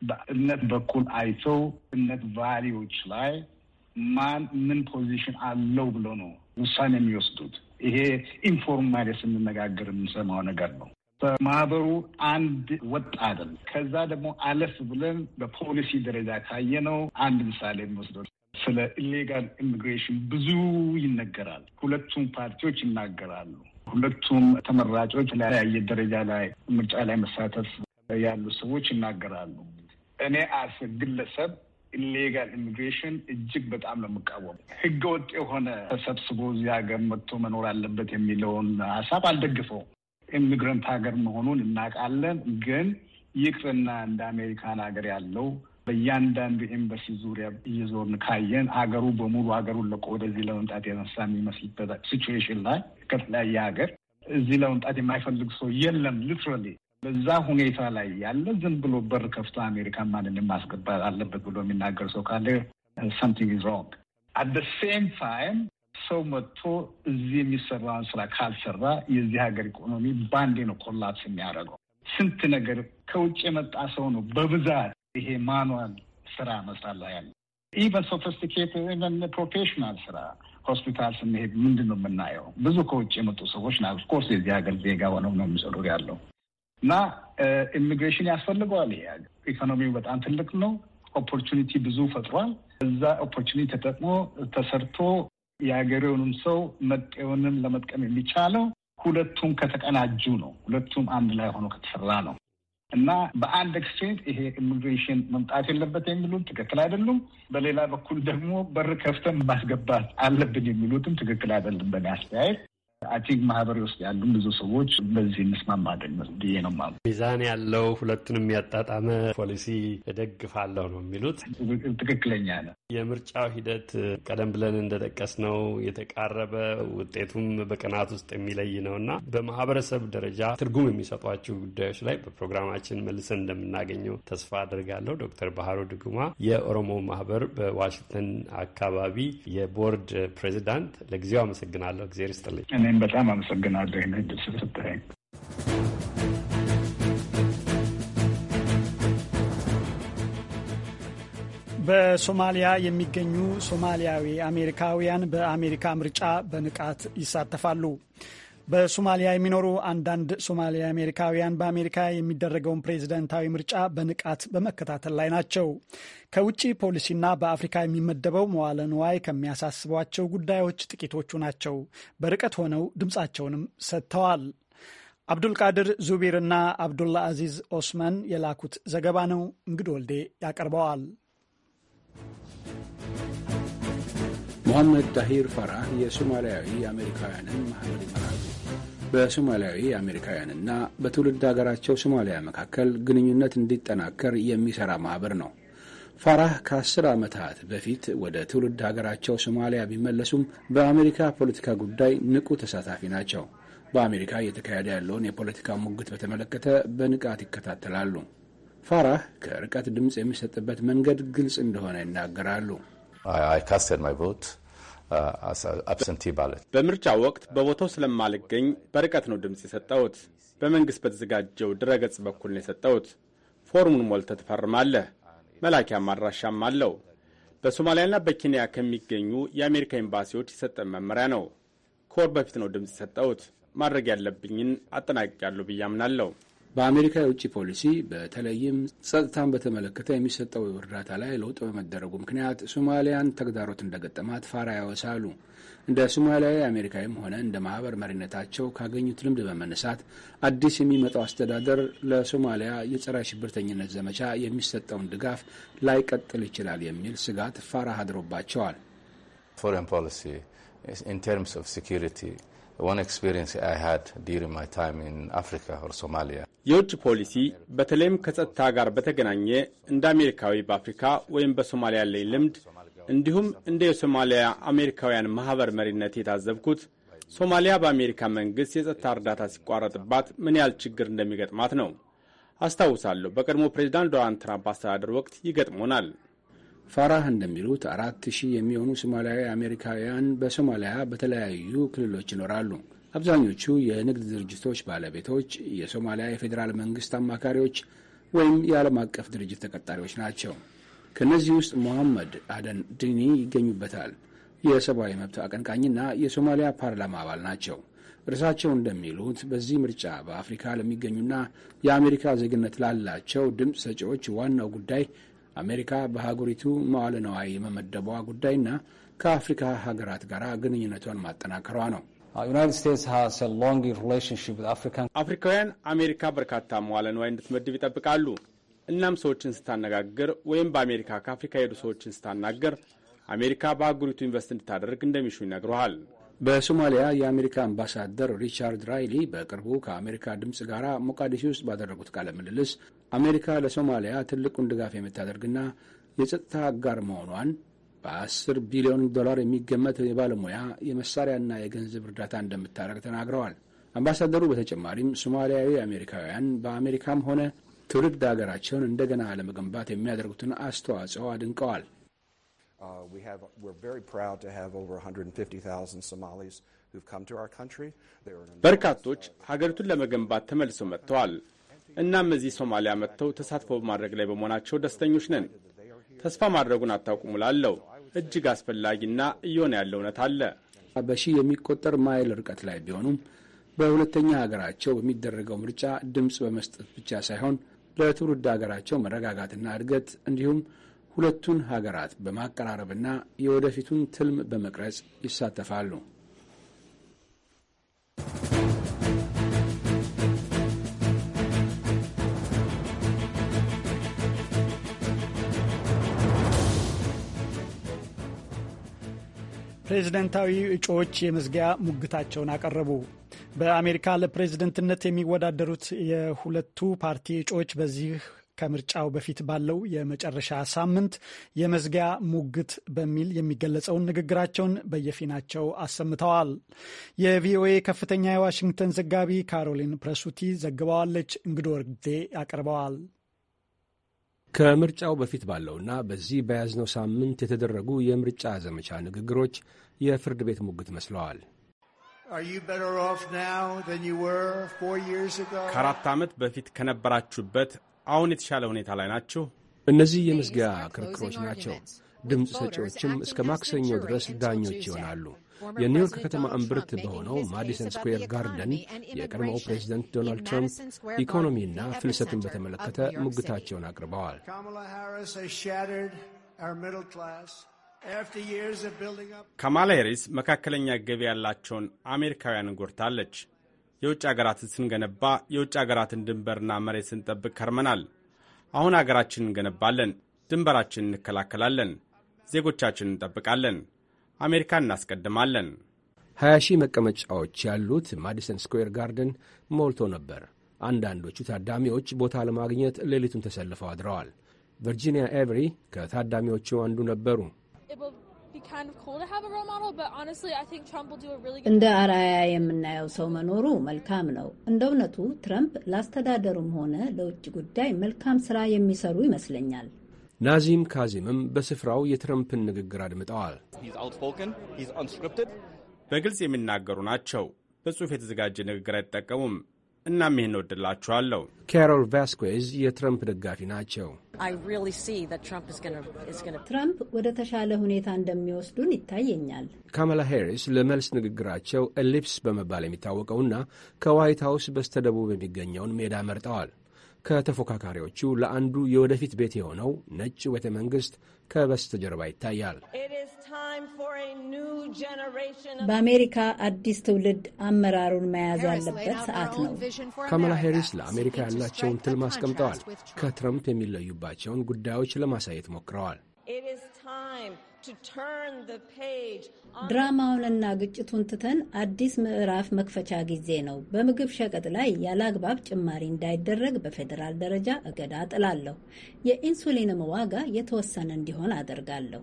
በእምነት በኩል አይተው እምነት ቫሊዎች ላይ ማን ምን ፖዚሽን አለው ብሎ ነው ውሳኔ የሚወስዱት። ይሄ ኢንፎርም ማለት ስንነጋገር የምንሰማው ነገር ነው። በማህበሩ አንድ ወጥ አይደለም። ከዛ ደግሞ አለፍ ብለን በፖሊሲ ደረጃ ካየ ነው አንድ ምሳሌ የሚወስደው ስለ ኢሌጋል ኢሚግሬሽን ብዙ ይነገራል። ሁለቱም ፓርቲዎች ይናገራሉ። ሁለቱም ተመራጮች ለተለያየ ደረጃ ላይ ምርጫ ላይ መሳተፍ ያሉ ሰዎች ይናገራሉ። እኔ አስ ግለሰብ ኢሌጋል ኢሚግሬሽን እጅግ በጣም ነው የምቃወሙ። ህገ ወጥ የሆነ ተሰብስቦ እዚህ ሀገር መጥቶ መኖር አለበት የሚለውን ሀሳብ አልደግፈውም። ኢሚግረንት ሀገር መሆኑን እናውቃለን። ግን ይቅርና እንደ አሜሪካን ሀገር ያለው በእያንዳንዱ ኤምባሲ ዙሪያ እየዞርን ካየን ሀገሩ በሙሉ ሀገሩን ለቆ ወደዚህ ለመምጣት የነሳ የሚመስልበት ሲቹዌሽን ላይ ከተለያየ ሀገር እዚህ ለመምጣት የማይፈልግ ሰው የለም ሊትራሊ በዛ ሁኔታ ላይ ያለ ዝም ብሎ በር ከፍቶ አሜሪካ ማንንም ማስገባት አለበት ብሎ የሚናገር ሰው ካለ ሰምቲንግ ኢዝ ሮንግ። አት ደ ሴም ታይም ሰው መጥቶ እዚህ የሚሰራውን ስራ ካልሰራ የዚህ ሀገር ኢኮኖሚ ባንዴ ነው ኮላፕስ የሚያደርገው። ስንት ነገር ከውጭ የመጣ ሰው ነው በብዛት ይሄ ማኑዋል ስራ መስራት ላይ ያለ ኢቨን ሶፊስቲኬት ኢቨን ፕሮፌሽናል ስራ ሆስፒታል ስንሄድ ምንድን ነው የምናየው? ብዙ ከውጭ የመጡ ሰዎች ና ኦፍኮርስ የዚህ ሀገር ዜጋ ሆነው ነው የሚሰሩ ያለው እና ኢሚግሬሽን ያስፈልገዋል። ይሄ ሀገር ኢኮኖሚው በጣም ትልቅ ነው። ኦፖርቹኒቲ ብዙ ፈጥሯል። እዛ ኦፖርቹኒቲ ተጠቅሞ ተሰርቶ የሀገሬውንም ሰው መጤውንም ለመጥቀም የሚቻለው ሁለቱም ከተቀናጁ ነው። ሁለቱም አንድ ላይ ሆኖ ከተሰራ ነው እና በአንድ ኤክስቼንጅ ይሄ ኢሚግሬሽን መምጣት የለበት የሚሉት ትክክል አይደሉም። በሌላ በኩል ደግሞ በር ከፍተን ማስገባት አለብን የሚሉትም ትክክል አይደለም በእኔ አስተያየት። አይ ቲንክ ማህበር ውስጥ ያሉ ብዙ ሰዎች በዚህ እንስማማ ብዬ ነው ማለት ሚዛን ያለው ሁለቱንም ያጣጣመ ፖሊሲ እደግፋለሁ ነው የሚሉት። ትክክለኛ ነው። የምርጫው ሂደት ቀደም ብለን እንደጠቀስነው የተቃረበ ውጤቱም በቀናት ውስጥ የሚለይ ነው እና በማህበረሰብ ደረጃ ትርጉም የሚሰጧቸው ጉዳዮች ላይ በፕሮግራማችን መልሰን እንደምናገኘው ተስፋ አድርጋለሁ። ዶክተር ባህሩ ድጉማ የኦሮሞ ማህበር በዋሽንግተን አካባቢ የቦርድ ፕሬዚዳንት፣ ለጊዜው አመሰግናለሁ። እግዜር ይስጥልኝ። እኔም በጣም አመሰግናለሁ ይህን ዕድል ስለሰጠኸኝ። በሶማሊያ የሚገኙ ሶማሊያዊ አሜሪካውያን በአሜሪካ ምርጫ በንቃት ይሳተፋሉ። በሶማሊያ የሚኖሩ አንዳንድ ሶማሊያ አሜሪካውያን በአሜሪካ የሚደረገውን ፕሬዝደንታዊ ምርጫ በንቃት በመከታተል ላይ ናቸው። ከውጭ ፖሊሲና በአፍሪካ የሚመደበው መዋለ ንዋይ ከሚያሳስቧቸው ጉዳዮች ጥቂቶቹ ናቸው። በርቀት ሆነው ድምፃቸውንም ሰጥተዋል። አብዱልቃድር እና አብዱላ አዚዝ ኦስማን የላኩት ዘገባ ነው። እንግድ ወልዴ ያቀርበዋል። ሙሐመድ ታሂር ፈራህ የሶማሊያዊ አሜሪካውያንን ማህበር ይመራሉ። በሶማሊያዊ አሜሪካውያንና በትውልድ ሀገራቸው ሶማሊያ መካከል ግንኙነት እንዲጠናከር የሚሰራ ማህበር ነው። ፋራህ ከአስር ዓመታት በፊት ወደ ትውልድ ሀገራቸው ሶማሊያ ቢመለሱም በአሜሪካ ፖለቲካ ጉዳይ ንቁ ተሳታፊ ናቸው። በአሜሪካ እየተካሄደ ያለውን የፖለቲካ ሙግት በተመለከተ በንቃት ይከታተላሉ። ፋራህ ከርቀት ድምፅ የሚሰጥበት መንገድ ግልጽ እንደሆነ ይናገራሉ። I ማይ my አብሰንቲ ባለት በምርጫ ወቅት በቦታው ስለማልገኝ በርቀት ነው ድምፅ የሰጠሁት። በመንግስት በተዘጋጀው ድረገጽ በኩል ነው የሰጠሁት። ፎርሙን ሞልተ ትፈርማለህ። መላኪያ ማድራሻም አለው። በሶማሊያና በኬንያ ከሚገኙ የአሜሪካ ኤምባሲዎች የሰጠን መመሪያ ነው። ከወር በፊት ነው ድምፅ የሰጠሁት። ማድረግ ያለብኝን አጠናቅቄያለሁ ብዬ አምናለሁ። በአሜሪካ የውጭ ፖሊሲ በተለይም ጸጥታን በተመለከተ የሚሰጠው እርዳታ ላይ ለውጥ በመደረጉ ምክንያት ሶማሊያን ተግዳሮት እንደገጠማት ፋራ ያወሳሉ። እንደ ሶማሊያዊ አሜሪካዊም ሆነ እንደ ማህበር መሪነታቸው ካገኙት ልምድ በመነሳት አዲስ የሚመጣው አስተዳደር ለሶማሊያ የጸረ ሽብርተኝነት ዘመቻ የሚሰጠውን ድጋፍ ላይቀጥል ይችላል የሚል ስጋት ፋራ አድሮባቸዋል። የውጭ ፖሊሲ በተለይም ከጸጥታ ጋር በተገናኘ እንደ አሜሪካዊ በአፍሪካ ወይም በሶማሊያ ያለኝ ልምድ እንዲሁም እንደ የሶማሊያ አሜሪካውያን ማህበር መሪነት የታዘብኩት ሶማሊያ በአሜሪካ መንግሥት የጸጥታ እርዳታ ሲቋረጥባት ምን ያህል ችግር እንደሚገጥማት ነው። አስታውሳለሁ። በቀድሞ ፕሬዚዳንት ዶናልድ ትራምፕ አስተዳደር ወቅት ይገጥሞናል። ፋራህ እንደሚሉት አራት ሺህ የሚሆኑ ሶማሊያዊ አሜሪካውያን በሶማሊያ በተለያዩ ክልሎች ይኖራሉ። አብዛኞቹ የንግድ ድርጅቶች ባለቤቶች፣ የሶማሊያ የፌዴራል መንግስት አማካሪዎች ወይም የዓለም አቀፍ ድርጅት ተቀጣሪዎች ናቸው። ከእነዚህ ውስጥ ሞሐመድ አደን ድኒ ይገኙበታል። የሰብአዊ መብት አቀንቃኝና የሶማሊያ ፓርላማ አባል ናቸው። እርሳቸው እንደሚሉት በዚህ ምርጫ በአፍሪካ ለሚገኙና የአሜሪካ ዜግነት ላላቸው ድምፅ ሰጪዎች ዋናው ጉዳይ አሜሪካ በሀገሪቱ መዋለ ነዋይ የመመደቧ ጉዳይና ከአፍሪካ ሀገራት ጋር ግንኙነቷን ማጠናከሯ ነው። uh, አፍሪካውያን አሜሪካ በርካታ መዋለ ነዋይ እንድትመድብ ይጠብቃሉ። እናም ሰዎችን ስታነጋግር ወይም በአሜሪካ ከአፍሪካ የሄዱ ሰዎችን ስታናገር አሜሪካ በአህጉሪቱ ኢንቨስት እንድታደርግ እንደሚሹ ይነግረሃል። በሶማሊያ የአሜሪካ አምባሳደር ሪቻርድ ራይሊ በቅርቡ ከአሜሪካ ድምፅ ጋር ሞቃዲሽ ውስጥ ባደረጉት ቃለ ምልልስ አሜሪካ ለሶማሊያ ትልቁን ድጋፍ የምታደርግና የጸጥታ አጋር መሆኗን በአስር ቢሊዮን ዶላር የሚገመት የባለሙያ የመሳሪያና የገንዘብ እርዳታ እንደምታደርግ ተናግረዋል። አምባሳደሩ በተጨማሪም ሶማሊያዊ አሜሪካውያን በአሜሪካም ሆነ ትውልድ ሀገራቸውን እንደገና ለመገንባት የሚያደርጉትን አስተዋጽኦ አድንቀዋል። Uh, we have, we're very proud to have over 150,000 Somalis who've come to our country. በርካቶች uh, ሀገሪቱን ለመገንባት ተመልሰው መጥተዋል። እናም እዚህ ሶማሊያ መጥተው ተሳትፎ በማድረግ ላይ በመሆናቸው ደስተኞች ነን። ተስፋ ማድረጉን አታቁሙ ላለው እጅግ አስፈላጊና እየሆነ ያለ እውነት አለ። በሺህ የሚቆጠር ማይል ርቀት ላይ ቢሆኑም በሁለተኛ ሀገራቸው በሚደረገው ምርጫ ድምፅ በመስጠት ብቻ ሳይሆን ለትውልድ ሀገራቸው መረጋጋትና እድገት እንዲሁም ሁለቱን ሀገራት በማቀራረብና የወደፊቱን ትልም በመቅረጽ ይሳተፋሉ። ፕሬዝደንታዊ እጩዎች የመዝጊያ ሙግታቸውን አቀረቡ። በአሜሪካ ለፕሬዝደንትነት የሚወዳደሩት የሁለቱ ፓርቲ እጩዎች በዚህ ከምርጫው በፊት ባለው የመጨረሻ ሳምንት የመዝጊያ ሙግት በሚል የሚገለጸውን ንግግራቸውን በየፊናቸው አሰምተዋል። የቪኦኤ ከፍተኛ የዋሽንግተን ዘጋቢ ካሮሊን ፕረሱቲ ዘግበዋለች። እንግዶ ወርግዴ ያቀርበዋል። ከምርጫው በፊት ባለውና በዚህ በያዝነው ሳምንት የተደረጉ የምርጫ ዘመቻ ንግግሮች የፍርድ ቤት ሙግት መስለዋል። ከአራት ዓመት በፊት ከነበራችሁበት አሁን የተሻለ ሁኔታ ላይ ናችሁ? እነዚህ የምዝጊያ ክርክሮች ናቸው። ድምፅ ሰጪዎችም እስከ ማክሰኞ ድረስ ዳኞች ይሆናሉ። የኒውዮርክ ከተማ እምብርት በሆነው ማዲሰን ስኩዌር ጋርደን የቀድሞው ፕሬዚደንት ዶናልድ ትራምፕ ኢኮኖሚና ፍልሰትን በተመለከተ ሙግታቸውን አቅርበዋል። ካማላ ሄሪስ መካከለኛ ገቢ ያላቸውን አሜሪካውያን ጎርታለች። የውጭ አገራትን ስንገነባ የውጭ አገራትን ድንበርና መሬት ስንጠብቅ ከርመናል። አሁን አገራችን እንገነባለን፣ ድንበራችንን እንከላከላለን፣ ዜጎቻችንን እንጠብቃለን፣ አሜሪካን እናስቀድማለን። 2 ሺህ መቀመጫዎች ያሉት ማዲሰን ስኩዌር ጋርደን ሞልቶ ነበር። አንዳንዶቹ ታዳሚዎች ቦታ ለማግኘት ሌሊቱን ተሰልፈው አድረዋል። ቨርጂኒያ ኤቨሪ ከታዳሚዎቹ አንዱ ነበሩ። እንደ አራያ የምናየው ሰው መኖሩ መልካም ነው። እንደ እውነቱ ትረምፕ ለአስተዳደሩም ሆነ ለውጭ ጉዳይ መልካም ስራ የሚሰሩ ይመስለኛል። ናዚም ካዚምም በስፍራው የትረምፕን ንግግር አድምጠዋል። በግልጽ የሚናገሩ ናቸው። በጽሑፍ የተዘጋጀ ንግግር አይጠቀሙም። እናም ይህን እወድላችኋለሁ። ካሮል ቫስኩዝ የትረምፕ ደጋፊ ናቸው። ትራምፕ ወደ ተሻለ ሁኔታ እንደሚወስዱን ይታየኛል። ካማላ ሄሪስ ለመልስ ንግግራቸው ኤሊፕስ በመባል የሚታወቀውና ከዋይት ሀውስ በስተደቡብ የሚገኘውን ሜዳ መርጠዋል። ከተፎካካሪዎቹ ለአንዱ የወደፊት ቤት የሆነው ነጭ ቤተ መንግሥት ከበስተጀርባ ይታያል። በአሜሪካ አዲስ ትውልድ አመራሩን መያዝ ያለበት ሰዓት ነው። ካማላ ሄሪስ ለአሜሪካ ያላቸውን ትልም አስቀምጠዋል። ከትረምፕ የሚለዩባቸውን ጉዳዮች ለማሳየት ሞክረዋል። ድራማውንና ግጭቱን ትተን አዲስ ምዕራፍ መክፈቻ ጊዜ ነው። በምግብ ሸቀጥ ላይ ያለ አግባብ ጭማሪ እንዳይደረግ በፌዴራል ደረጃ እገዳ ጥላለሁ። የኢንሱሊንም ዋጋ የተወሰነ እንዲሆን አደርጋለሁ።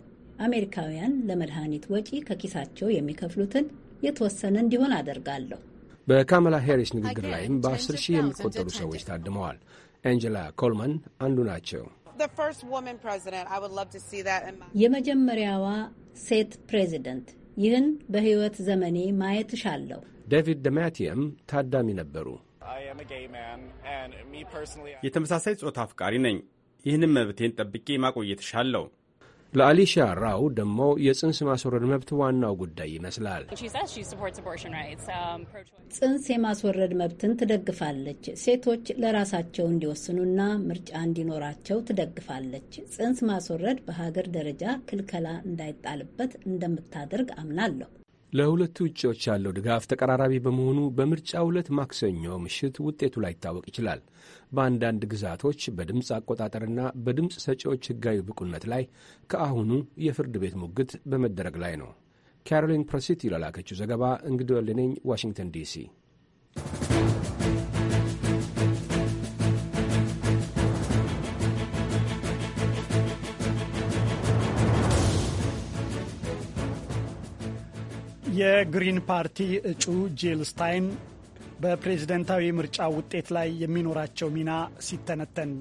አሜሪካውያን ለመድኃኒት ወጪ ከኪሳቸው የሚከፍሉትን የተወሰነ እንዲሆን አደርጋለሁ። በካማላ ሄሪስ ንግግር ላይም በአስር ሺህ የሚቆጠሩ ሰዎች ታድመዋል። አንጀላ ኮልማን አንዱ ናቸው። የመጀመሪያዋ ሴት ፕሬዚደንት፣ ይህን በሕይወት ዘመኔ ማየት እሻለሁ። ዴቪድ ደማቲየም ታዳሚ ነበሩ። የተመሳሳይ ጾታ አፍቃሪ ነኝ። ይህንም መብቴን ጠብቄ ማቆየት እሻለሁ። ለአሊሻ ራው ደግሞ የጽንስ ማስወረድ መብት ዋናው ጉዳይ ይመስላል። um, ጽንስ የማስወረድ መብትን ትደግፋለች። ሴቶች ለራሳቸው እንዲወስኑና ምርጫ እንዲኖራቸው ትደግፋለች። ጽንስ ማስወረድ በሀገር ደረጃ ክልከላ እንዳይጣልበት እንደምታደርግ አምናለሁ። ለሁለቱ እጩዎች ያለው ድጋፍ ተቀራራቢ በመሆኑ በምርጫ ዕለት ማክሰኞ ምሽት ውጤቱ ላይታወቅ ይችላል። በአንዳንድ ግዛቶች በድምፅ አቆጣጠርና በድምፅ ሰጪዎች ሕጋዊ ብቁነት ላይ ከአሁኑ የፍርድ ቤት ሙግት በመደረግ ላይ ነው። ካሮሊን ፕሮሲት ይላላከችው ዘገባ እንግዲ ወልነኝ ዋሽንግተን ዲሲ የግሪን ፓርቲ እጩ ጂል ስታይን በፕሬዝደንታዊ ምርጫ ውጤት ላይ የሚኖራቸው ሚና ሲተነተን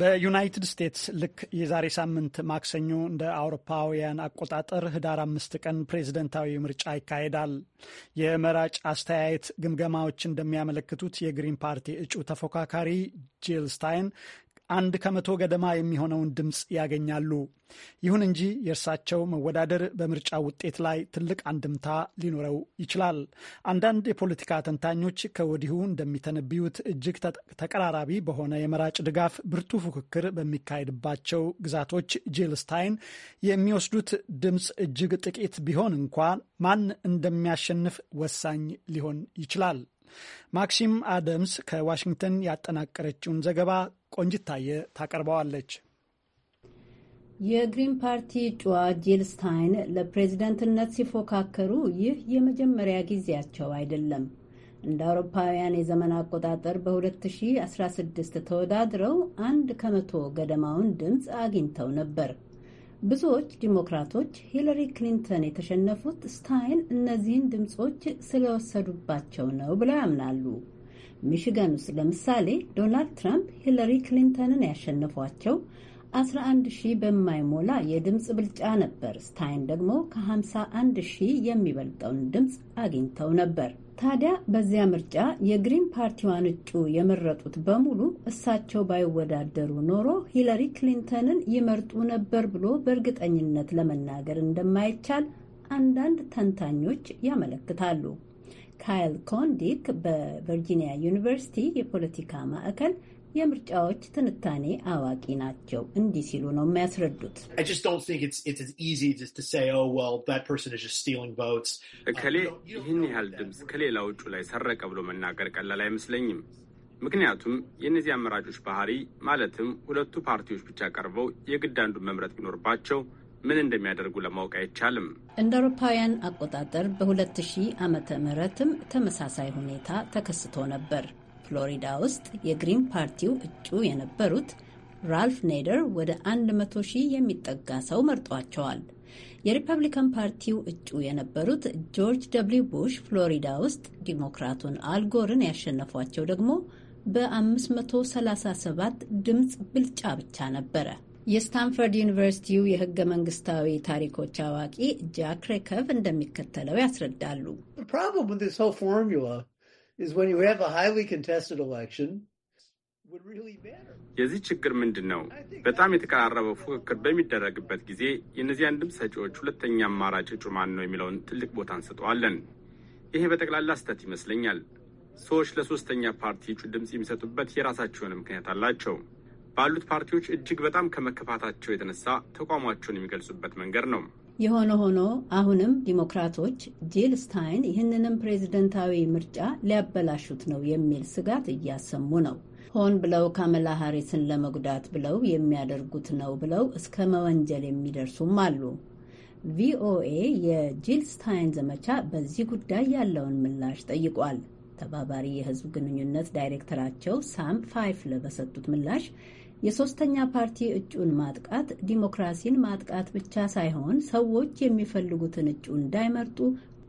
በዩናይትድ ስቴትስ ልክ የዛሬ ሳምንት ማክሰኞ እንደ አውሮፓውያን አቆጣጠር ህዳር አምስት ቀን ፕሬዝደንታዊ ምርጫ ይካሄዳል። የመራጭ አስተያየት ግምገማዎች እንደሚያመለክቱት የግሪን ፓርቲ እጩ ተፎካካሪ ጂል ስታይን አንድ ከመቶ ገደማ የሚሆነውን ድምፅ ያገኛሉ። ይሁን እንጂ የእርሳቸው መወዳደር በምርጫ ውጤት ላይ ትልቅ አንድምታ ሊኖረው ይችላል። አንዳንድ የፖለቲካ ተንታኞች ከወዲሁ እንደሚተነብዩት እጅግ ተቀራራቢ በሆነ የመራጭ ድጋፍ ብርቱ ፉክክር በሚካሄድባቸው ግዛቶች ጂል ስታይን የሚወስዱት ድምፅ እጅግ ጥቂት ቢሆን እንኳን ማን እንደሚያሸንፍ ወሳኝ ሊሆን ይችላል። ማክሲም አደምስ ከዋሽንግተን ያጠናቀረችውን ዘገባ ቆንጅታየ ታቀርበዋለች። የግሪን ፓርቲ እጩዋ ጂል ስታይን ለፕሬዝደንትነት ሲፎካከሩ ይህ የመጀመሪያ ጊዜያቸው አይደለም። እንደ አውሮፓውያን የዘመን አቆጣጠር በ2016 ተወዳድረው አንድ ከመቶ ገደማውን ድምፅ አግኝተው ነበር። ብዙዎች ዲሞክራቶች ሂለሪ ክሊንተን የተሸነፉት ስታይን እነዚህን ድምፆች ስለወሰዱባቸው ነው ብለው ያምናሉ። ሚሽገን ውስጥ ለምሳሌ ዶናልድ ትራምፕ ሂለሪ ክሊንተንን ያሸንፏቸው 11 ሺህ በማይሞላ የድምፅ ብልጫ ነበር። ስታይን ደግሞ ከ51 ሺህ የሚበልጠውን ድምፅ አግኝተው ነበር። ታዲያ በዚያ ምርጫ የግሪን ፓርቲዋን እጩ የመረጡት በሙሉ እሳቸው ባይወዳደሩ ኖሮ ሂለሪ ክሊንተንን ይመርጡ ነበር ብሎ በእርግጠኝነት ለመናገር እንደማይቻል አንዳንድ ተንታኞች ያመለክታሉ። ካይል ኮንዲክ በቨርጂኒያ ዩኒቨርሲቲ የፖለቲካ ማዕከል የምርጫዎች ትንታኔ አዋቂ ናቸው። እንዲህ ሲሉ ነው የሚያስረዱት። oh, እከሌ ይህን ያህል ድምፅ ከሌላ ውጩ ላይ ሰረቀ ብሎ መናገር ቀላል አይመስለኝም። ምክንያቱም የእነዚህ አመራጮች ባህሪ ማለትም ሁለቱ ፓርቲዎች ብቻ ቀርበው የግድ አንዱን መምረጥ ቢኖርባቸው ምን እንደሚያደርጉ ለማወቅ አይቻልም። እንደ አውሮፓውያን አቆጣጠር በ2000 ዓመተ ምህረትም ተመሳሳይ ሁኔታ ተከስቶ ነበር። ፍሎሪዳ ውስጥ የግሪን ፓርቲው እጩ የነበሩት ራልፍ ኔደር ወደ 100 ሺህ የሚጠጋ ሰው መርጧቸዋል። የሪፐብሊካን ፓርቲው እጩ የነበሩት ጆርጅ ደብሊው ቡሽ ፍሎሪዳ ውስጥ ዲሞክራቱን አልጎርን ያሸነፏቸው ደግሞ በ537 ድምፅ ብልጫ ብቻ ነበረ። የስታንፈርድ ዩኒቨርሲቲው የህገ መንግስታዊ ታሪኮች አዋቂ ጃክ ሬከቭ እንደሚከተለው ያስረዳሉ። የዚህ ችግር ምንድን ነው? በጣም የተቀራረበው ፉክክር በሚደረግበት ጊዜ የእነዚያን ድምፅ ሰጪዎች ሁለተኛ አማራጭ እጩ ማን ነው የሚለውን ትልቅ ቦታ እንሰጠዋለን። ይሄ በጠቅላላ ስህተት ይመስለኛል። ሰዎች ለሶስተኛ ፓርቲ እጩ ድምፅ የሚሰጡበት የራሳቸውን ምክንያት አላቸው። ባሉት ፓርቲዎች እጅግ በጣም ከመከፋታቸው የተነሳ ተቋማቸውን የሚገልጹበት መንገድ ነው። የሆነ ሆኖ አሁንም ዲሞክራቶች ጂል ስታይን ይህንንም ፕሬዝደንታዊ ምርጫ ሊያበላሹት ነው የሚል ስጋት እያሰሙ ነው። ሆን ብለው ካመላ ሃሪስን ለመጉዳት ብለው የሚያደርጉት ነው ብለው እስከ መወንጀል የሚደርሱም አሉ። ቪኦኤ የጂል ስታይን ዘመቻ በዚህ ጉዳይ ያለውን ምላሽ ጠይቋል። ተባባሪ የህዝብ ግንኙነት ዳይሬክተራቸው ሳም ፋይፍ ለበሰጡት ምላሽ የሶስተኛ ፓርቲ እጩን ማጥቃት ዲሞክራሲን ማጥቃት ብቻ ሳይሆን ሰዎች የሚፈልጉትን እጩ እንዳይመርጡ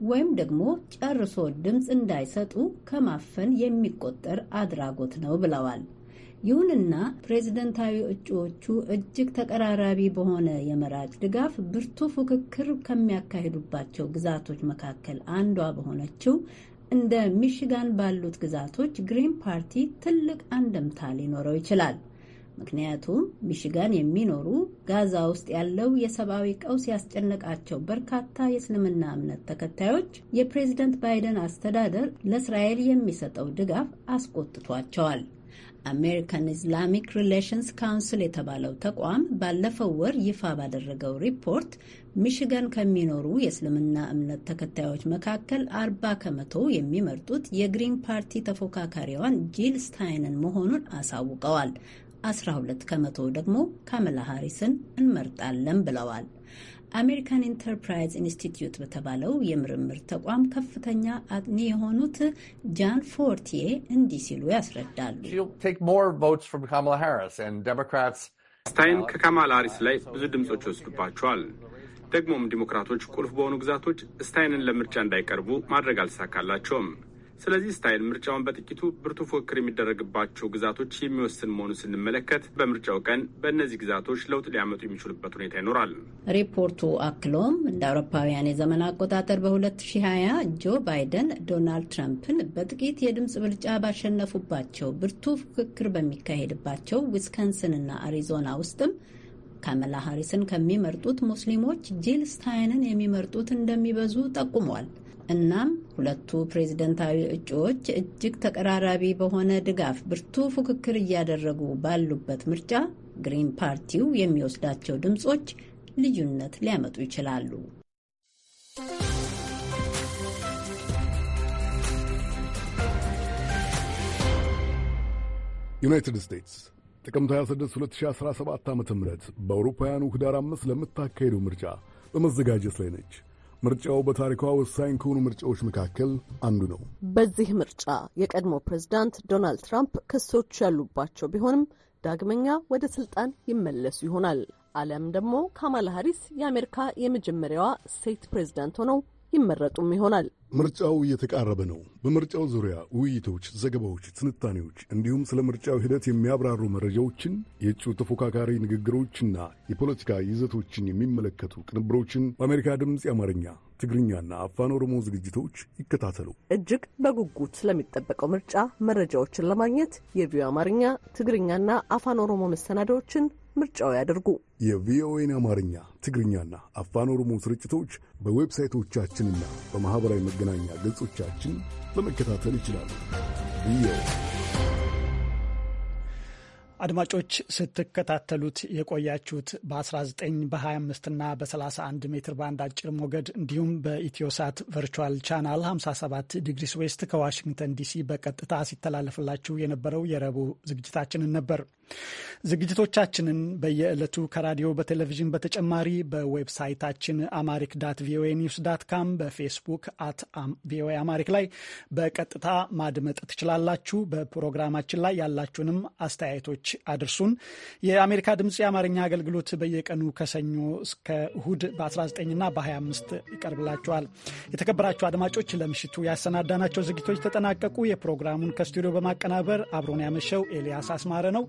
ወይም ደግሞ ጨርሶ ድምፅ እንዳይሰጡ ከማፈን የሚቆጠር አድራጎት ነው ብለዋል። ይሁንና ፕሬዝደንታዊ እጩዎቹ እጅግ ተቀራራቢ በሆነ የመራጭ ድጋፍ ብርቱ ፉክክር ከሚያካሂዱባቸው ግዛቶች መካከል አንዷ በሆነችው እንደ ሚሽጋን ባሉት ግዛቶች ግሪን ፓርቲ ትልቅ አንድምታ ሊኖረው ይችላል። ምክንያቱም ሚሽጋን የሚኖሩ ጋዛ ውስጥ ያለው የሰብአዊ ቀውስ ያስጨነቃቸው በርካታ የእስልምና እምነት ተከታዮች የፕሬዝደንት ባይደን አስተዳደር ለእስራኤል የሚሰጠው ድጋፍ አስቆጥቷቸዋል። አሜሪካን ኢስላሚክ ሪሌሽንስ ካውንስል የተባለው ተቋም ባለፈው ወር ይፋ ባደረገው ሪፖርት ሚሽጋን ከሚኖሩ የእስልምና እምነት ተከታዮች መካከል አርባ ከመቶ የሚመርጡት የግሪን ፓርቲ ተፎካካሪዋን ጂል ስታይንን መሆኑን አሳውቀዋል። 12 ከመቶ ደግሞ ካመላ ሃሪስን እንመርጣለን ብለዋል። አሜሪካን ኢንተርፕራይዝ ኢንስቲትዩት በተባለው የምርምር ተቋም ከፍተኛ አጥኒ የሆኑት ጃን ፎርቲዬ እንዲህ ሲሉ ያስረዳሉ። ስታይን ከካማላ ሃሪስ ላይ ብዙ ድምፆች ይወስዱባቸዋል። ደግሞም ዲሞክራቶች ቁልፍ በሆኑ ግዛቶች ስታይንን ለምርጫ እንዳይቀርቡ ማድረግ አልተሳካላቸውም። ስለዚህ ስታይል ምርጫውን በጥቂቱ ብርቱ ፉክክር የሚደረግባቸው ግዛቶች የሚወስን መሆኑ ስንመለከት በምርጫው ቀን በእነዚህ ግዛቶች ለውጥ ሊያመጡ የሚችሉበት ሁኔታ ይኖራል። ሪፖርቱ አክሎም እንደ አውሮፓውያን የዘመን አቆጣጠር በ2020 ጆ ባይደን ዶናልድ ትራምፕን በጥቂት የድምፅ ብልጫ ባሸነፉባቸው ብርቱ ፉክክር በሚካሄድባቸው ና አሪዞና ውስጥም ካመላ ሀሪስን ከሚመርጡት ሙስሊሞች ጂል ስታይንን የሚመርጡት እንደሚበዙ ጠቁሟል። እናም ሁለቱ ፕሬዝደንታዊ እጩዎች እጅግ ተቀራራቢ በሆነ ድጋፍ ብርቱ ፉክክር እያደረጉ ባሉበት ምርጫ ግሪን ፓርቲው የሚወስዳቸው ድምጾች ልዩነት ሊያመጡ ይችላሉ። ዩናይትድ ስቴትስ ጥቅምት 26 2017 ዓ ም በአውሮፓውያኑ ህዳር 5 ለምታካሄደው ምርጫ በመዘጋጀት ላይ ነች። ምርጫው በታሪኳ ወሳኝ ከሆኑ ምርጫዎች መካከል አንዱ ነው። በዚህ ምርጫ የቀድሞ ፕሬዝዳንት ዶናልድ ትራምፕ ክሶች ያሉባቸው ቢሆንም ዳግመኛ ወደ ስልጣን ይመለሱ ይሆናል። አለም ደግሞ ካማላ ሀሪስ የአሜሪካ የመጀመሪያዋ ሴት ፕሬዝዳንት ሆነው ይመረጡም ይሆናል። ምርጫው እየተቃረበ ነው። በምርጫው ዙሪያ ውይይቶች፣ ዘገባዎች፣ ትንታኔዎች እንዲሁም ስለ ምርጫው ሂደት የሚያብራሩ መረጃዎችን፣ የእጩ ተፎካካሪ ንግግሮችና የፖለቲካ ይዘቶችን የሚመለከቱ ቅንብሮችን በአሜሪካ ድምፅ የአማርኛ ትግርኛና አፋን ኦሮሞ ዝግጅቶች ይከታተሉ። እጅግ በጉጉት ስለሚጠበቀው ምርጫ መረጃዎችን ለማግኘት የቪዮ አማርኛ ትግርኛና አፋን ኦሮሞ መሰናዳዎችን ምርጫው ያደርጉ። የቪኦኤን አማርኛ፣ ትግርኛና አፋን ኦሮሞ ስርጭቶች በዌብሳይቶቻችንና በማኅበራዊ መገናኛ ገጾቻችን ለመከታተል ይችላሉ። አድማጮች ስትከታተሉት የቆያችሁት በ19 በ25 እና በ31 ሜትር ባንድ አጭር ሞገድ እንዲሁም በኢትዮሳት ቨርቹዋል ቻናል 57 ዲግሪስ ዌስት ከዋሽንግተን ዲሲ በቀጥታ ሲተላለፍላችሁ የነበረው የረቡዕ ዝግጅታችንን ነበር። ዝግጅቶቻችንን በየዕለቱ ከራዲዮ በቴሌቪዥን በተጨማሪ በዌብሳይታችን አማሪክ ዳት ቪኦኤ ኒውስ ዳት ካም በፌስቡክ አት ቪኦኤ አማሪክ ላይ በቀጥታ ማድመጥ ትችላላችሁ። በፕሮግራማችን ላይ ያላችሁንም አስተያየቶች አድርሱን። የአሜሪካ ድምፅ የአማርኛ አገልግሎት በየቀኑ ከሰኞ እስከ እሁድ በ19ና በ25 ይቀርብላችኋል። የተከበራችሁ አድማጮች ለምሽቱ ያሰናዳናቸው ዝግጅቶች ተጠናቀቁ። የፕሮግራሙን ከስቱዲዮ በማቀናበር አብሮን ያመሸው ኤልያስ አስማረ ነው።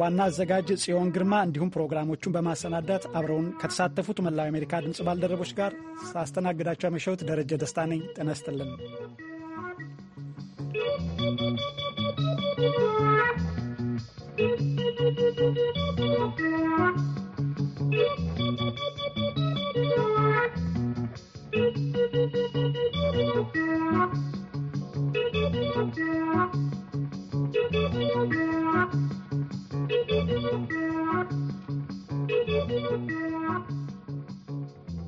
ዋና አዘጋጅ ጽዮን ግርማ እንዲሁም ፕሮግራሞቹን በማሰናዳት አብረውን ከተሳተፉት መላው የአሜሪካ ድምፅ ባልደረቦች ጋር ሳስተናግዳቸው ያመሸሁት ደረጀ ደስታ ነኝ። ጤና ይስጥልን።